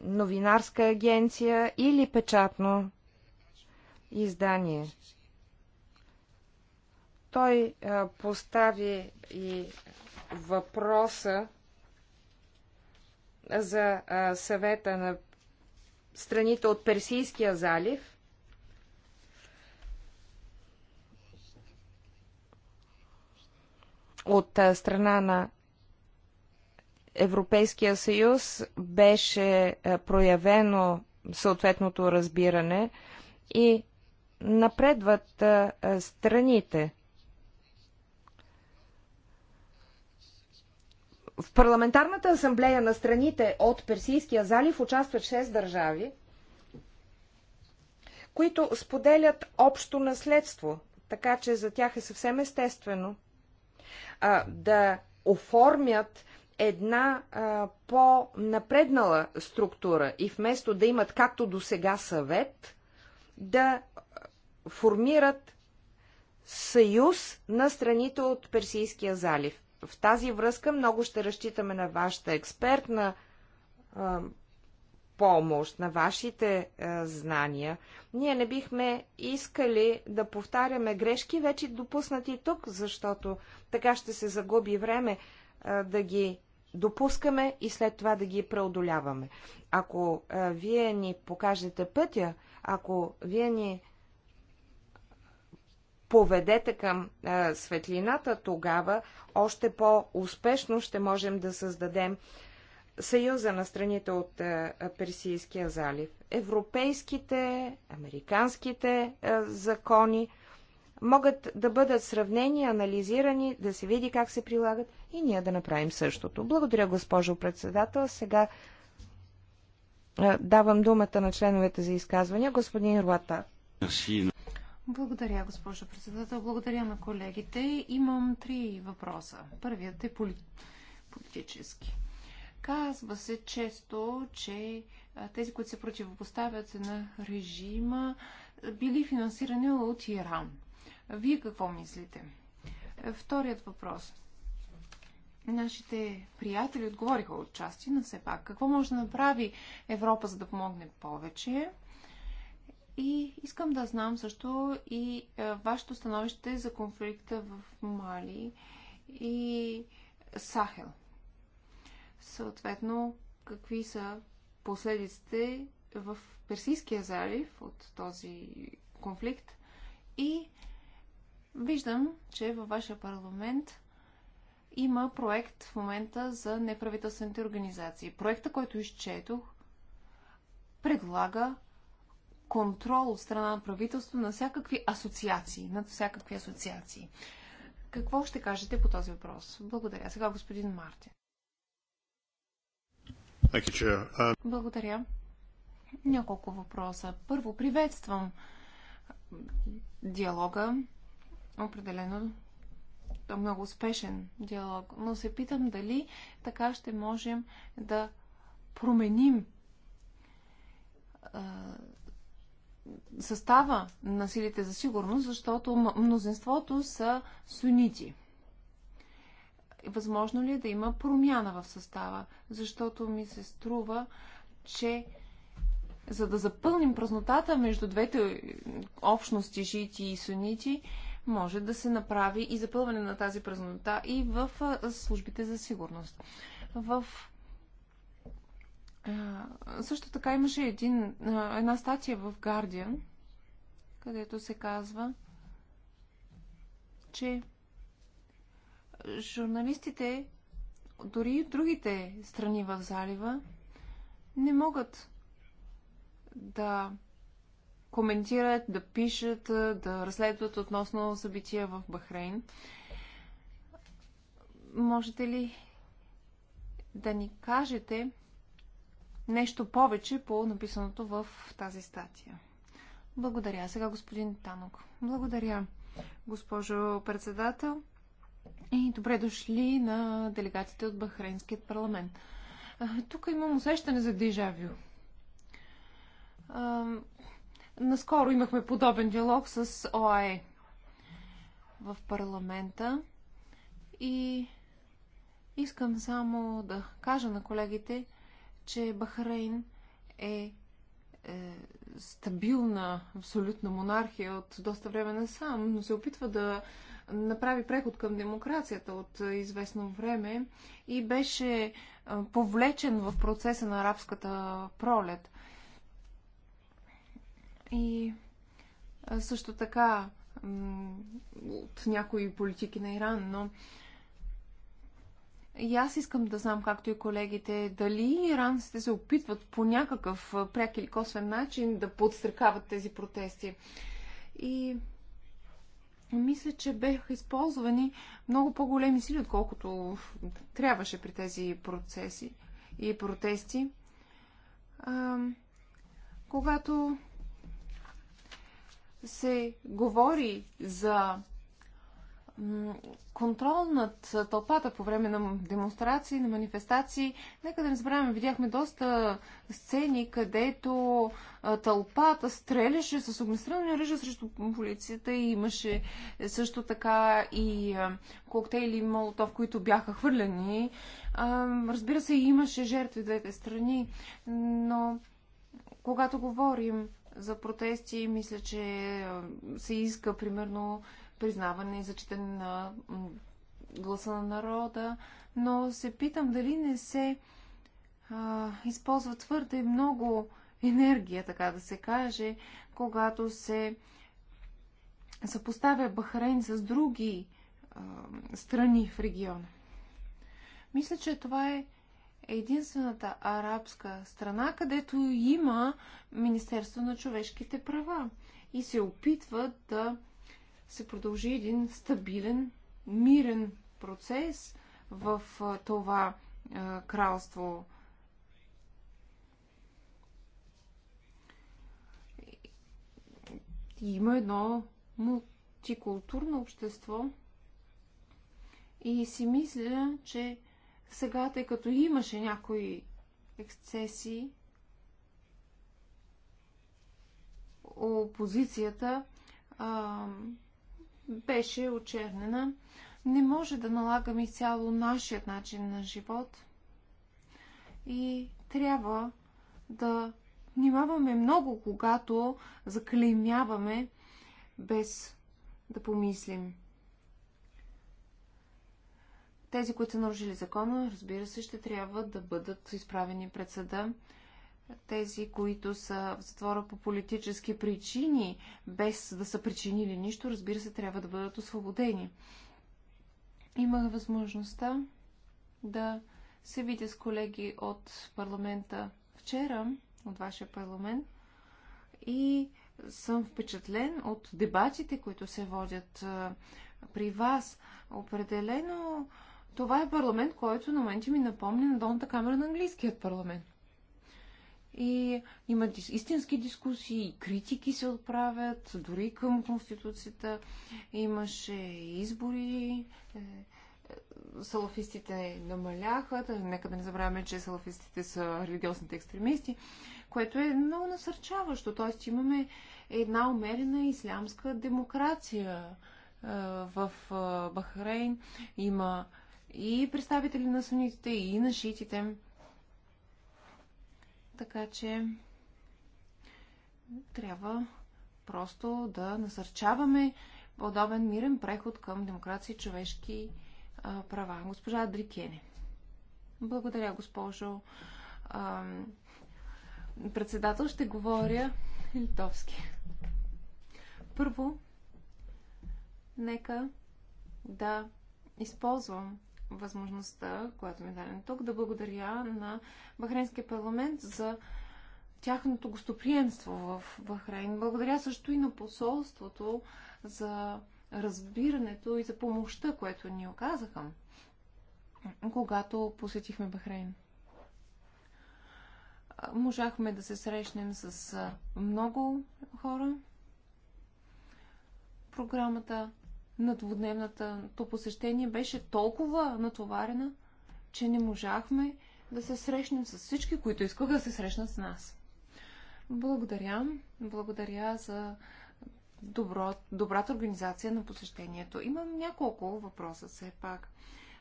новинарска агенция или печатно издание. Той постави и въпроса за съвета на страните от Персийския залив. От страна на Европейския съюз беше проявено съответното разбиране и напредват страните. В парламентарната асамблея на страните от Персийския залив участват 6 държави, които споделят общо наследство, така че за тях е съвсем естествено а, да оформят една по-напреднала структура и вместо да имат както до сега съвет, да формират съюз на страните от Персийския залив в тази връзка много ще разчитаме на вашата експертна а, помощ, на вашите а, знания. Ние не бихме искали да повтаряме грешки, вече допуснати тук, защото така ще се загуби време а, да ги допускаме и след това да ги преодоляваме. Ако а, вие ни покажете пътя, ако вие ни поведете към а, светлината, тогава още по-успешно ще можем да създадем Съюза на страните от а, Персийския залив. Европейските, американските а, закони могат да бъдат сравнени, анализирани, да се види как се прилагат и ние да направим същото. Благодаря, госпожо председател. Сега давам думата на членовете за изказвания. Господин Руата. Благодаря, госпожо председател. Благодаря на колегите. Имам три въпроса. Първият е поли... политически. Казва се често, че тези, които се противопоставят на режима, били финансирани от Иран. Вие какво мислите? Вторият въпрос. Нашите приятели отговориха от части, но все пак какво може да направи Европа, за да помогне повече? И искам да знам също и е, вашето становище за конфликта в Мали и Сахел. Съответно, какви са последиците в Персийския залив от този конфликт. И виждам, че във вашия парламент има проект в момента за неправителствените организации. Проекта, който изчетох, предлага контрол от страна на правителството на всякакви асоциации, над всякакви асоциации. Какво ще кажете по този въпрос? Благодаря. Сега господин Мартин. Uh, Благодаря. Няколко въпроса. Първо, приветствам диалога. Определено е много успешен диалог, но се питам дали така ще можем да променим състава на силите за сигурност, защото мнозинството са сунити. Възможно ли е да има промяна в състава? Защото ми се струва, че за да запълним празнотата между двете общности, шиити и сунити, може да се направи и запълване на тази празнота и в службите за сигурност. В също така имаше един, една статия в Guardian, където се казва, че журналистите, дори и другите страни в залива, не могат да коментират, да пишат, да разследват относно събития в Бахрейн. Можете ли да ни кажете нещо повече по написаното в тази статия. Благодаря. Сега господин Танок. Благодаря, госпожо председател. И добре дошли на делегатите от Бахрейнският парламент. Тук имам усещане за дежавю. Наскоро имахме подобен диалог с ОАЕ в парламента и искам само да кажа на колегите, че Бахрейн е, е стабилна абсолютна монархия от доста време насам, но се опитва да направи преход към демокрацията от известно време и беше е, повлечен в процеса на арабската пролет. И е, също така от някои политики на Иран, но и аз искам да знам, както и колегите, дали иранците се опитват по някакъв пряк или косвен начин да подстрекават тези протести. И мисля, че беха използвани много по-големи сили, отколкото трябваше при тези процеси и протести. А, когато се говори за контрол над тълпата по време на демонстрации, на манифестации. Нека да не забравяме, видяхме доста сцени, където тълпата стреляше с огнестрелни оръжия срещу полицията и имаше е, също така и коктейли молотов, които бяха хвърлени. Разбира се, имаше жертви двете страни, но когато говорим за протести, мисля, че се иска примерно признаване и зачитане на гласа на народа, но се питам дали не се а, използва твърде много енергия, така да се каже, когато се съпоставя Бахрейн с други а, страни в региона. Мисля, че това е единствената арабска страна, където има Министерство на човешките права и се опитват да се продължи един стабилен, мирен процес в това кралство. Има едно мултикултурно общество и си мисля, че сега, тъй като имаше някои ексцесии, опозицията а, беше очернена. Не може да налагаме изцяло нашият начин на живот и трябва да внимаваме много, когато заклеймяваме без да помислим. Тези, които са нарушили закона, разбира се, ще трябва да бъдат изправени пред съда тези, които са в затвора по политически причини, без да са причинили нищо, разбира се, трябва да бъдат освободени. Имах възможността да се видя с колеги от парламента вчера, от вашия парламент, и съм впечатлен от дебатите, които се водят при вас. Определено това е парламент, който на моменти ми напомня на долната камера на английският парламент и има истински дискусии, критики се отправят, дори към Конституцията. Имаше избори, е, е, салафистите намаляха, нека да не забравяме, че салафистите са религиозните екстремисти, което е много насърчаващо. Тоест имаме една умерена ислямска демокрация е, в Бахрейн. Има и представители на сунитите, и на шиитите. Така че трябва просто да насърчаваме подобен мирен преход към демокрация и човешки а, права. Госпожа Адрикене. Благодаря, госпожо а, председател. Ще говоря литовски. Първо, нека да използвам възможността, която ми е даде тук, да благодаря на Бахрейнския парламент за тяхното гостоприемство в Бахрейн. Благодаря също и на посолството за разбирането и за помощта, което ни оказаха, когато посетихме Бахрейн. Можахме да се срещнем с много хора. Програмата на то посещение беше толкова натоварена, че не можахме да се срещнем с всички, които искаха да се срещнат с нас. Благодаря. Благодаря за добро, добрата организация на посещението. Имам няколко въпроса все пак.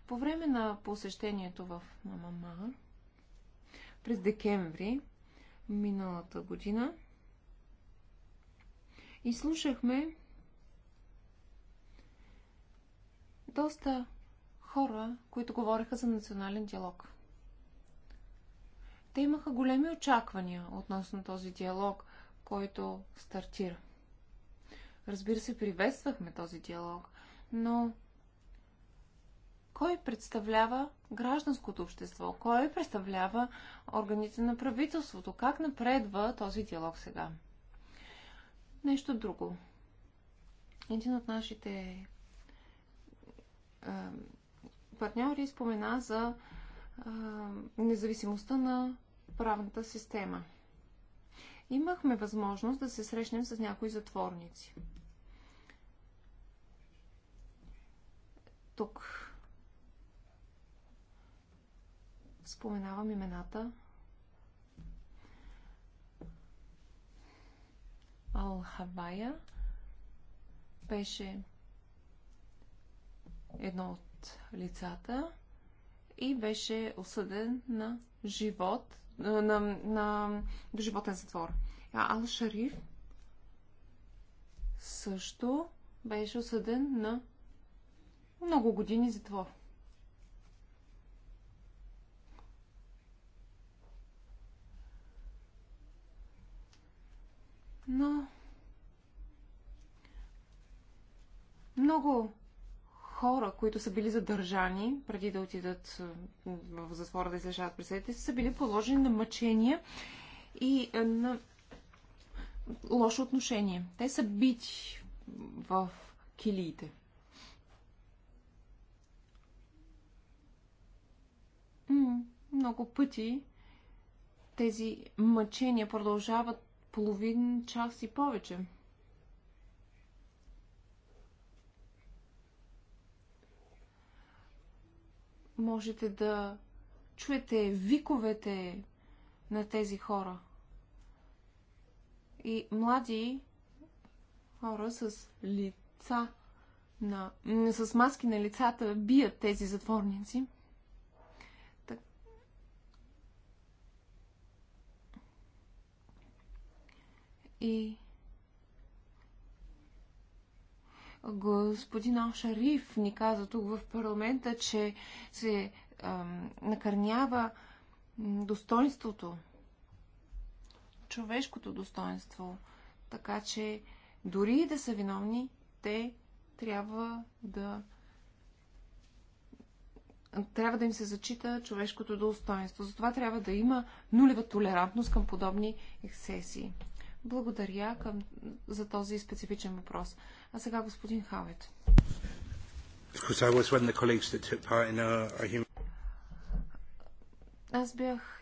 По време на посещението в Мамама през декември миналата година изслушахме доста хора, които говореха за национален диалог. Те имаха големи очаквания относно този диалог, който стартира. Разбира се, приветствахме този диалог, но кой представлява гражданското общество? Кой представлява органите на правителството? Как напредва този диалог сега? Нещо друго. Един от нашите партньори спомена за независимостта на правната система. Имахме възможност да се срещнем с някои затворници. Тук споменавам имената Ал-Хабая беше едно от лицата и беше осъден на живот, на, на, на доживотен затвор. А Ал Шариф също беше осъден на много години затвор. Но много хора, които са били задържани преди да отидат в затвора да излежават присъдите, са били положени на мъчения и на лошо отношение. Те са бити в килиите. Много пъти тези мъчения продължават половин час и повече. можете да чуете виковете на тези хора. И млади хора с лица на... с маски на лицата бият тези затворници. Так... И господин Ал ни каза тук в парламента, че се а, накърнява достоинството, човешкото достоинство. Така че дори и да са виновни, те трябва да трябва да им се зачита човешкото достоинство. Затова трябва да има нулева толерантност към подобни ексесии. Благодаря към, за този специфичен въпрос. А сега господин Хавет. Аз бях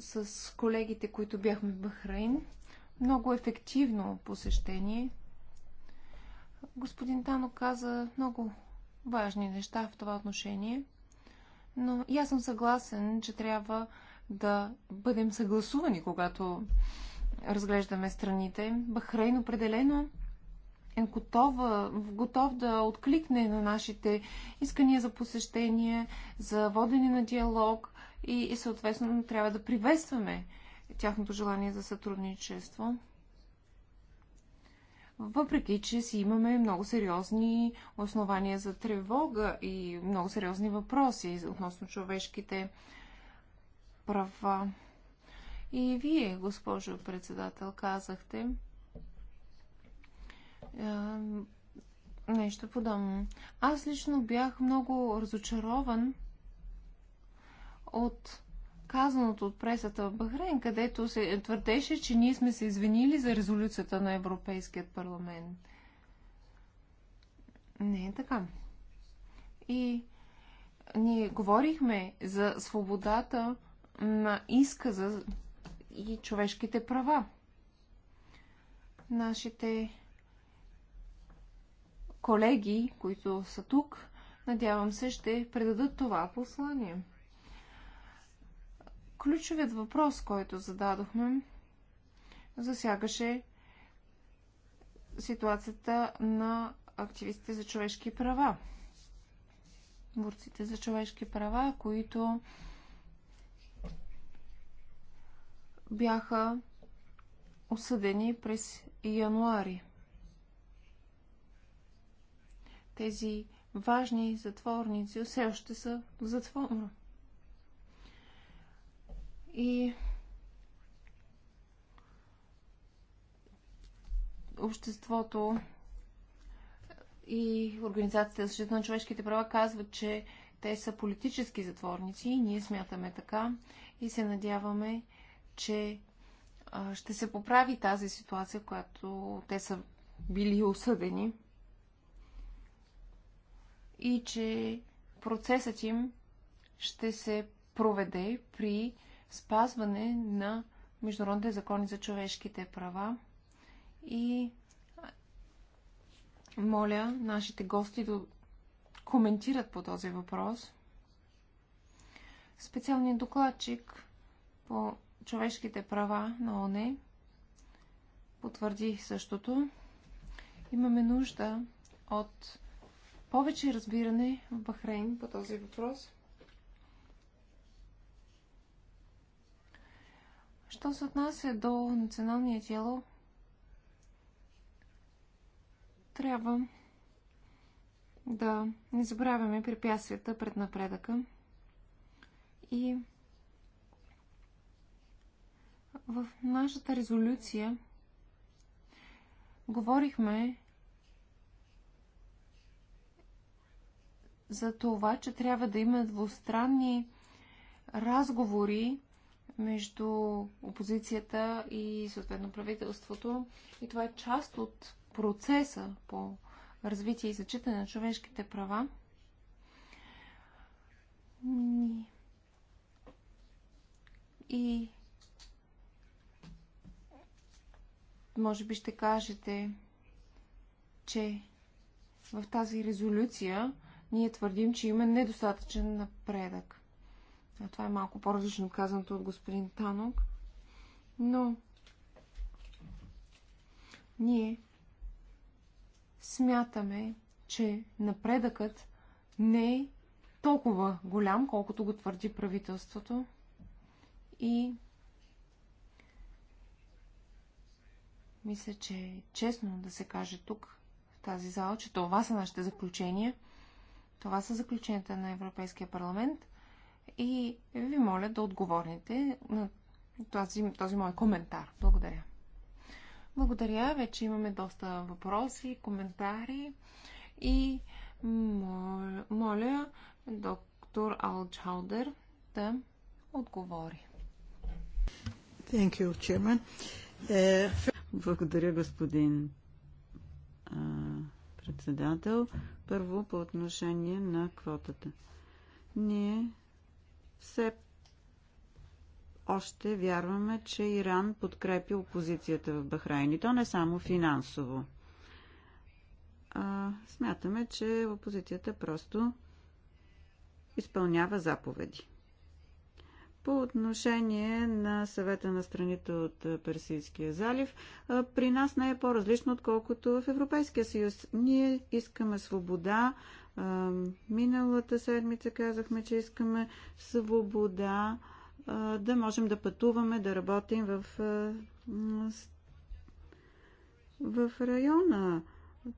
с колегите, които бяхме в Бахрейн. Много ефективно посещение. Господин Тано каза много важни неща в това отношение. Но и аз съм съгласен, че трябва да бъдем съгласувани, когато разглеждаме страните. Бахрейн определено е готова, готов да откликне на нашите искания за посещение, за водене на диалог и, и съответно трябва да приветстваме тяхното желание за сътрудничество. Въпреки, че си имаме много сериозни основания за тревога и много сериозни въпроси относно човешките права. И вие, госпожо председател, казахте е, нещо подобно. Аз лично бях много разочарован от казаното от пресата в Бахрейн, където се твърдеше, че ние сме се извинили за резолюцията на Европейският парламент. Не е така. И ние говорихме за свободата на изказа и човешките права. Нашите колеги, които са тук, надявам се, ще предадат това послание. Ключовият въпрос, който зададохме, засягаше ситуацията на активистите за човешки права. Борците за човешки права, които бяха осъдени през януари. Тези важни затворници все още са в затвора. И обществото и Организацията за защита на човешките права казват, че те са политически затворници и ние смятаме така и се надяваме, че ще се поправи тази ситуация, в която те са били осъдени и че процесът им ще се проведе при спазване на международните закони за човешките права и моля нашите гости да коментират по този въпрос. Специалният докладчик по човешките права на ОНЕ потвърди същото. Имаме нужда от повече разбиране в Бахрейн по този въпрос. Що се отнася до националния тяло, трябва да не забравяме препятствията пред напредъка и в нашата резолюция говорихме за това, че трябва да има двустранни разговори между опозицията и съответно правителството. И това е част от процеса по развитие и зачитане на човешките права. И Може би ще кажете, че в тази резолюция ние твърдим, че има недостатъчен напредък. А това е малко по-различно казаното от господин Танок. Но ние смятаме, че напредъкът не е толкова голям, колкото го твърди правителството. И Мисля, че е честно да се каже тук, в тази зала, че това са нашите заключения. Това са заключенията на Европейския парламент. И ви моля да отговорите на този, този мой коментар. Благодаря. Благодаря. Вече имаме доста въпроси, коментари. И моля, моля доктор Алчаудер да отговори. Thank you, Chairman. Uh, благодаря, господин а, председател. Първо по отношение на квотата. Ние все още вярваме, че Иран подкрепи опозицията в Бахрайн. И то не само финансово. А, смятаме, че опозицията просто изпълнява заповеди. По отношение на съвета на страните от Персийския залив, при нас не е по-различно, отколкото в Европейския съюз. Ние искаме свобода. Миналата седмица казахме, че искаме свобода да можем да пътуваме, да работим в, в района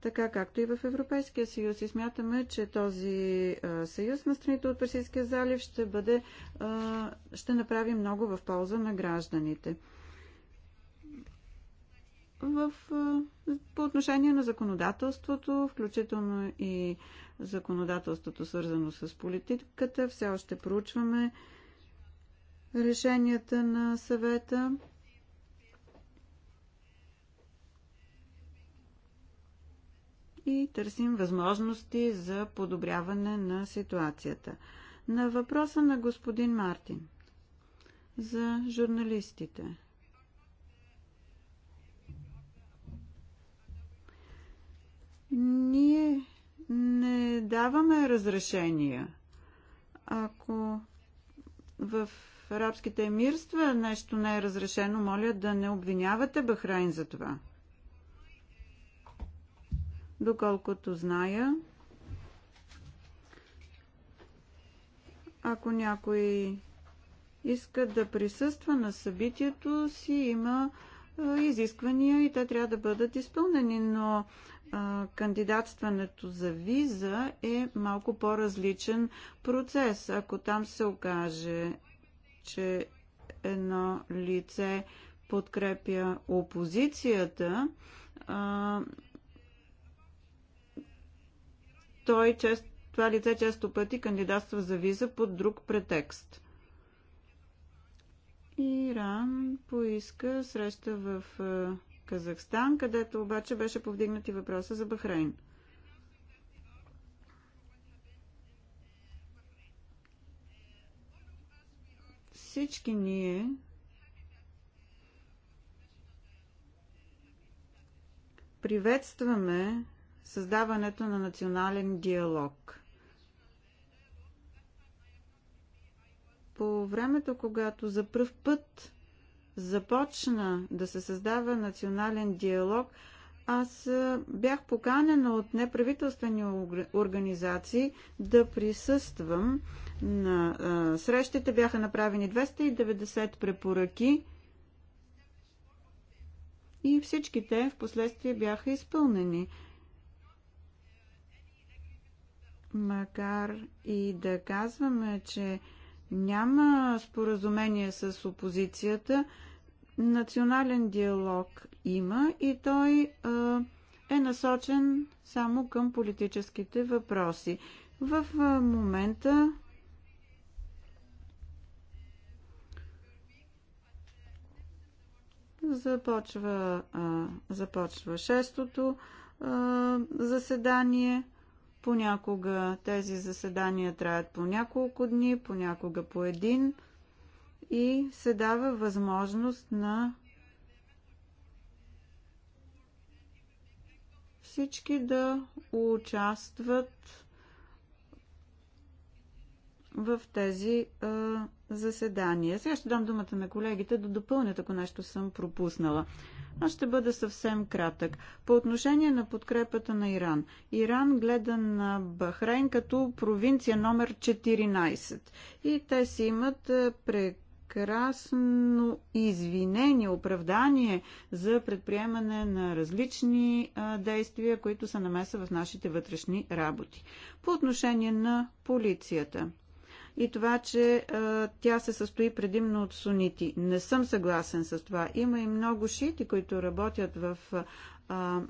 така както и в Европейския съюз. И смятаме, че този съюз на страните от Персийския залив ще, бъде, ще направи много в полза на гражданите. В, по отношение на законодателството, включително и законодателството свързано с политиката, все още проучваме решенията на съвета. и търсим възможности за подобряване на ситуацията. На въпроса на господин Мартин за журналистите. Ние не даваме разрешения. Ако в арабските емирства нещо не е разрешено, моля да не обвинявате Бахрайн за това. Доколкото зная, ако някой иска да присъства на събитието си, има изисквания и те трябва да бъдат изпълнени, но кандидатстването за виза е малко по-различен процес. Ако там се окаже, че едно лице подкрепя опозицията, той чест, това лице често пъти кандидатства за виза под друг претекст. Иран поиска среща в е, Казахстан, където обаче беше повдигнат и въпроса за Бахрейн. Всички ние приветстваме създаването на национален диалог. По времето, когато за пръв път започна да се създава национален диалог, аз бях поканена от неправителствени организации да присъствам на срещите. Бяха направени 290 препоръки и всичките в последствие бяха изпълнени макар и да казваме, че няма споразумение с опозицията, национален диалог има и той е насочен само към политическите въпроси. В момента започва, започва шестото заседание. Понякога тези заседания траят по няколко дни, понякога по един и се дава възможност на всички да участват в тези а, заседания. Сега ще дам думата на колегите да допълнят, ако нещо съм пропуснала. Аз ще бъда съвсем кратък. По отношение на подкрепата на Иран. Иран гледа на Бахрейн като провинция номер 14. И те си имат е, прекрасно извинение, оправдание за предприемане на различни е, действия, които са намеса в нашите вътрешни работи. По отношение на полицията и това, че а, тя се състои предимно от сунити. Не съм съгласен с това. Има и много шити, които работят в, а,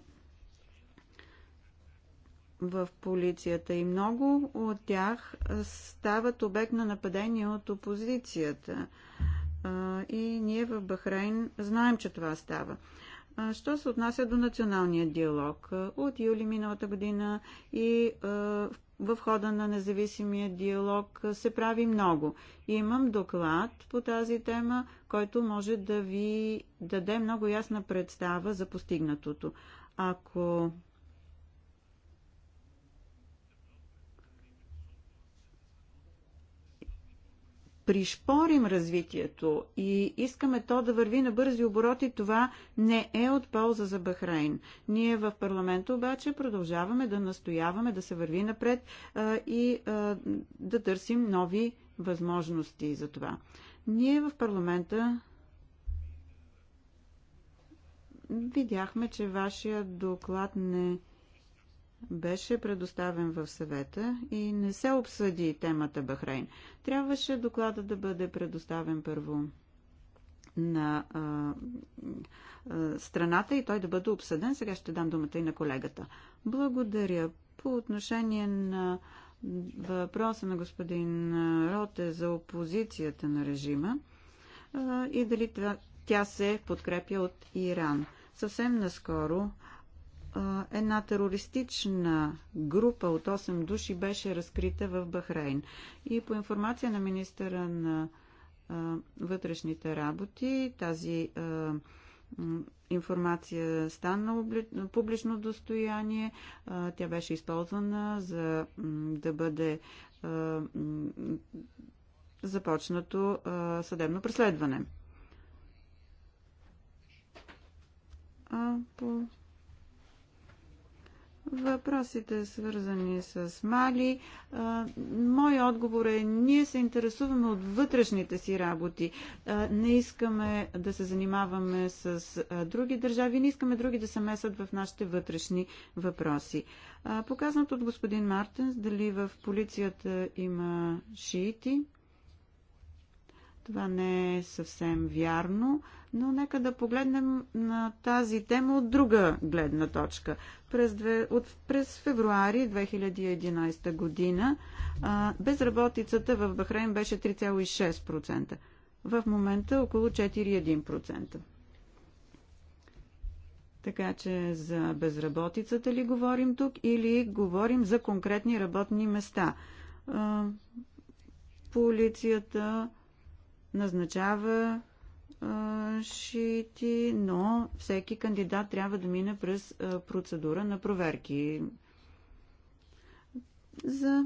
в полицията и много от тях стават обект на нападение от опозицията. А, и ние в Бахрейн знаем, че това става. Що се отнася до националния диалог? От юли миналата година и в в хода на независимия диалог се прави много. И имам доклад по тази тема, който може да ви даде много ясна представа за постигнатото. Ако пришпорим развитието и искаме то да върви на бързи обороти, това не е от полза за Бахрейн. Ние в парламента обаче продължаваме да настояваме да се върви напред а, и а, да търсим нови възможности за това. Ние в парламента видяхме, че вашия доклад не беше предоставен в съвета и не се обсъди темата Бахрейн. Трябваше доклада да бъде предоставен първо на а, а, страната и той да бъде обсъден. Сега ще дам думата и на колегата. Благодаря. По отношение на въпроса на господин Роте за опозицията на режима а, и дали тя се подкрепя от Иран. Съвсем наскоро една терористична група от 8 души беше разкрита в Бахрейн. И по информация на министъра на вътрешните работи, тази информация стана публично достояние. Тя беше използвана за да бъде започнато съдебно преследване. по Въпросите свързани с Мали. Мой отговор е, ние се интересуваме от вътрешните си работи. Не искаме да се занимаваме с други държави, не искаме други да се месат в нашите вътрешни въпроси. Показнат от господин Мартенс, дали в полицията има шиити. Това не е съвсем вярно, но нека да погледнем на тази тема от друга гледна точка. През, две, от, през февруари 2011 година а, безработицата в Бахрейн беше 3,6%. В момента около 4,1%. Така че за безработицата ли говорим тук или говорим за конкретни работни места? А, полицията назначава шити, но всеки кандидат трябва да мине през процедура на проверки. За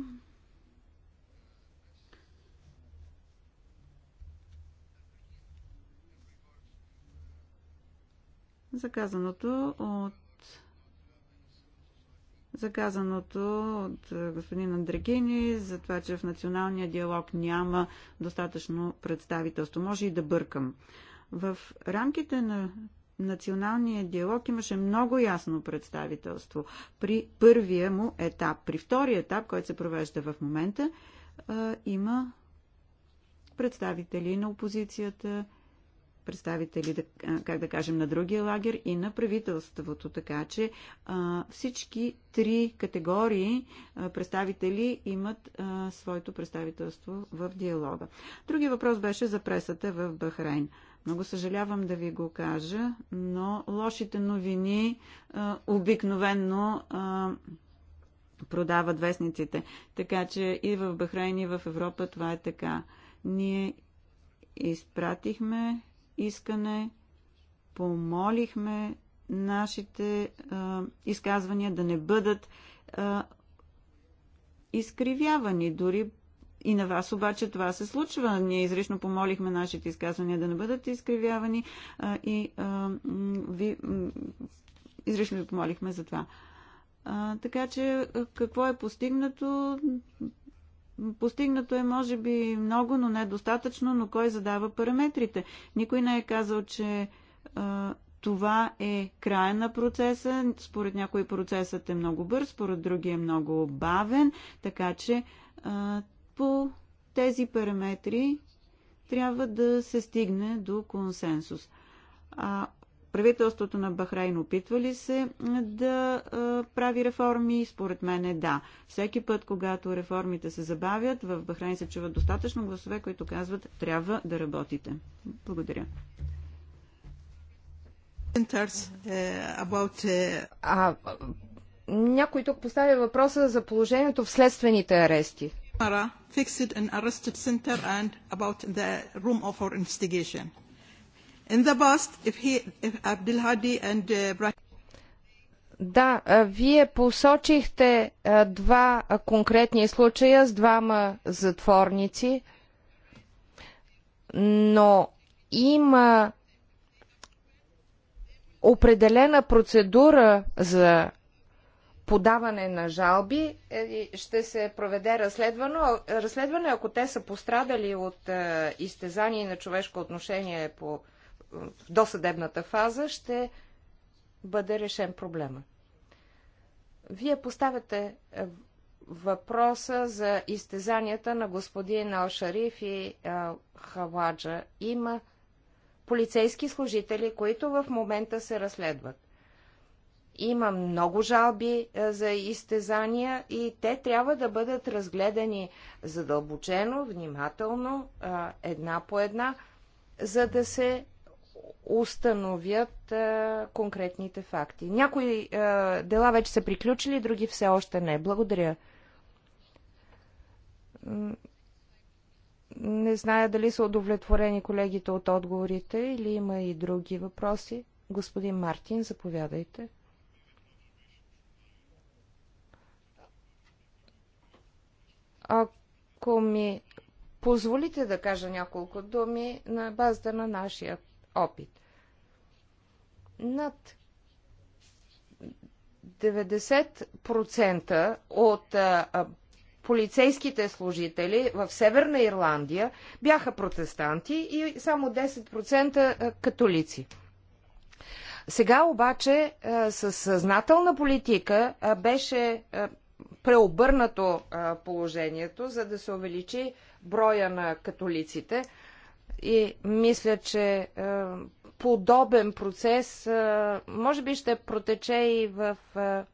заказаното от заказаното от е, господин Андрегини за това, че в националния диалог няма достатъчно представителство. Може и да бъркам. В рамките на националния диалог имаше много ясно представителство при първия му етап. При втория етап, който се провежда в момента, е, има представители на опозицията, представители, да, как да кажем, на другия лагер и на правителството. Така че а, всички три категории а, представители имат а, своето представителство в диалога. Другия въпрос беше за пресата в Бахрейн. Много съжалявам да ви го кажа, но лошите новини а, обикновенно. А, продават вестниците. Така че и в Бахрейн, и в Европа това е така. Ние изпратихме искане помолихме нашите а, изказвания да не бъдат а, изкривявани. Дори и на вас обаче това се случва. Ние изрично помолихме нашите изказвания да не бъдат изкривявани а, и а, ви, изрично ви помолихме за това. А, така че какво е постигнато? Постигнато е, може би, много, но недостатъчно, но кой задава параметрите? Никой не е казал, че а, това е края на процеса. Според някои процесът е много бърз, според други е много бавен, така че а, по тези параметри трябва да се стигне до консенсус. А Правителството на Бахрейн опитва ли се да прави реформи? Според мен е да. Всеки път, когато реформите се забавят, в Бахрейн се чуват достатъчно гласове, които казват трябва да работите. Благодаря. Е, е, а, някой тук поставя въпроса за положението в следствените арести. fixed an arrested center and about the room of our investigation. In the past, if he, if Abdul Hadi and uh, да, вие посочихте два конкретни случая с двама затворници, но има определена процедура за подаване на жалби. Е, ще се проведе разследване, разследване ако те са пострадали от изтезание на човешко отношение по в досъдебната фаза ще бъде решен проблема. Вие поставяте е, въпроса за изтезанията на господин Алшариф и а, е, Хаваджа. Има полицейски служители, които в момента се разследват. Има много жалби а, е, за изтезания и те трябва да бъдат разгледани задълбочено, внимателно, а, една по една, за да се установят а, конкретните факти. Някои а, дела вече са приключили, други все още не. Благодаря. Не зная дали са удовлетворени колегите от отговорите или има и други въпроси. Господин Мартин, заповядайте. Ако ми позволите да кажа няколко думи на базата на нашия опит. Над 90% от а, а, полицейските служители в Северна Ирландия бяха протестанти и само 10% католици. Сега обаче със съзнателна политика беше преобърнато положението, за да се увеличи броя на католиците, и мисля, че е, подобен процес е, може би ще протече и в е,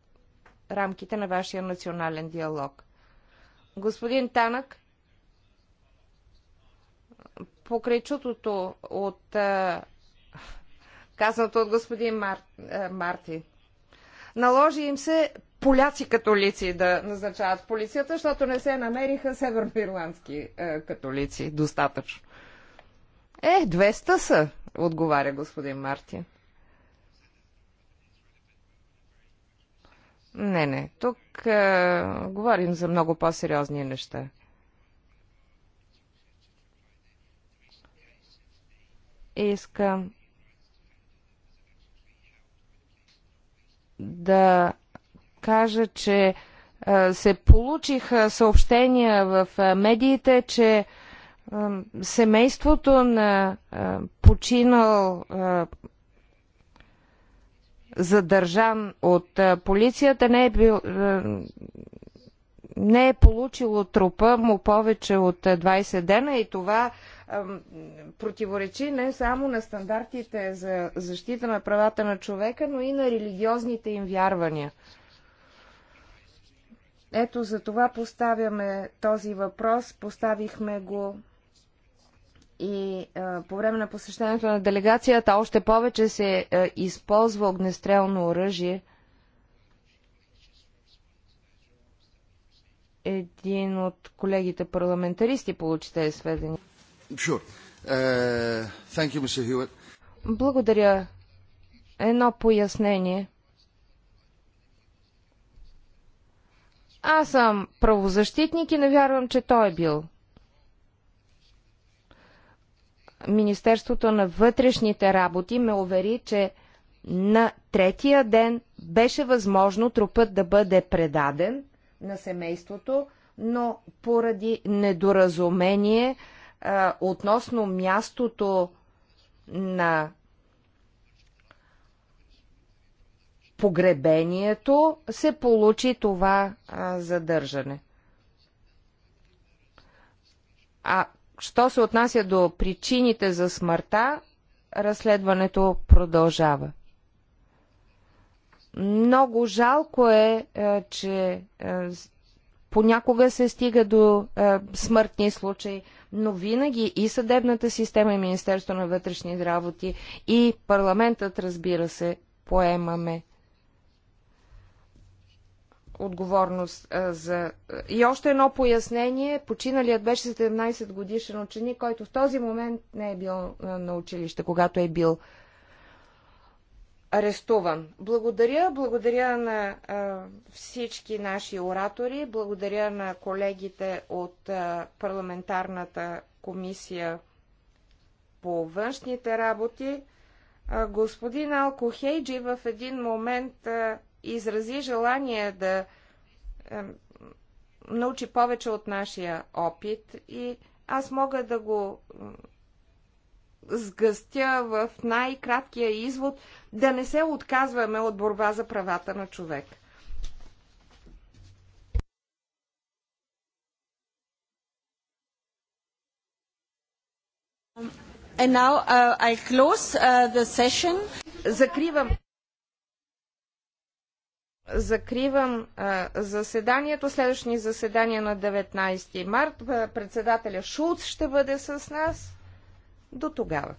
рамките на вашия национален диалог. Господин Танък, покрай чутото от казаното от господин Мар... Марти, наложи им се поляци католици да назначават полицията, защото не се намериха северноирландски католици достатъчно. Е, 200 са, отговаря господин Мартин. Не, не, тук е, говорим за много по-сериозни неща. Искам да кажа, че е, се получиха съобщения в медиите, че е, семейството на починал задържан от полицията не е бил не е получило трупа му повече от 20 дена и това противоречи не само на стандартите за защита на правата на човека, но и на религиозните им вярвания. Ето за това поставяме този въпрос. Поставихме го и а, по време на посещението на делегацията още повече се а, използва огнестрелно оръжие. Един от колегите парламентаристи получи тези сведения. Sure. Uh, thank you, Mr. Hewitt. Благодаря. Едно пояснение. Аз съм правозащитник и не вярвам, че той е бил. Министерството на вътрешните работи ме увери, че на третия ден беше възможно трупът да бъде предаден на семейството, но поради недоразумение а, относно мястото на погребението се получи това а, задържане. А Що се отнася до причините за смъртта, разследването продължава. Много жалко е, е че е, понякога се стига до е, смъртни случаи, но винаги и съдебната система, и Министерство на вътрешни работи, и парламентът, разбира се, поемаме отговорност за... И още едно пояснение. Починалият беше 17 годишен ученик, който в този момент не е бил на училище, когато е бил арестуван. Благодаря, благодаря на а, всички наши оратори, благодаря на колегите от а, парламентарната комисия по външните работи. А, господин Алко Хейджи в един момент а, изрази желание да е, научи повече от нашия опит и аз мога да го сгъстя в най-краткия извод да не се отказваме от борба за правата на човек. And now uh, I close uh, the session. Закривам. Закривам заседанието. Следващи заседания на 19 март. Председателя Шулц ще бъде с нас. До тогава.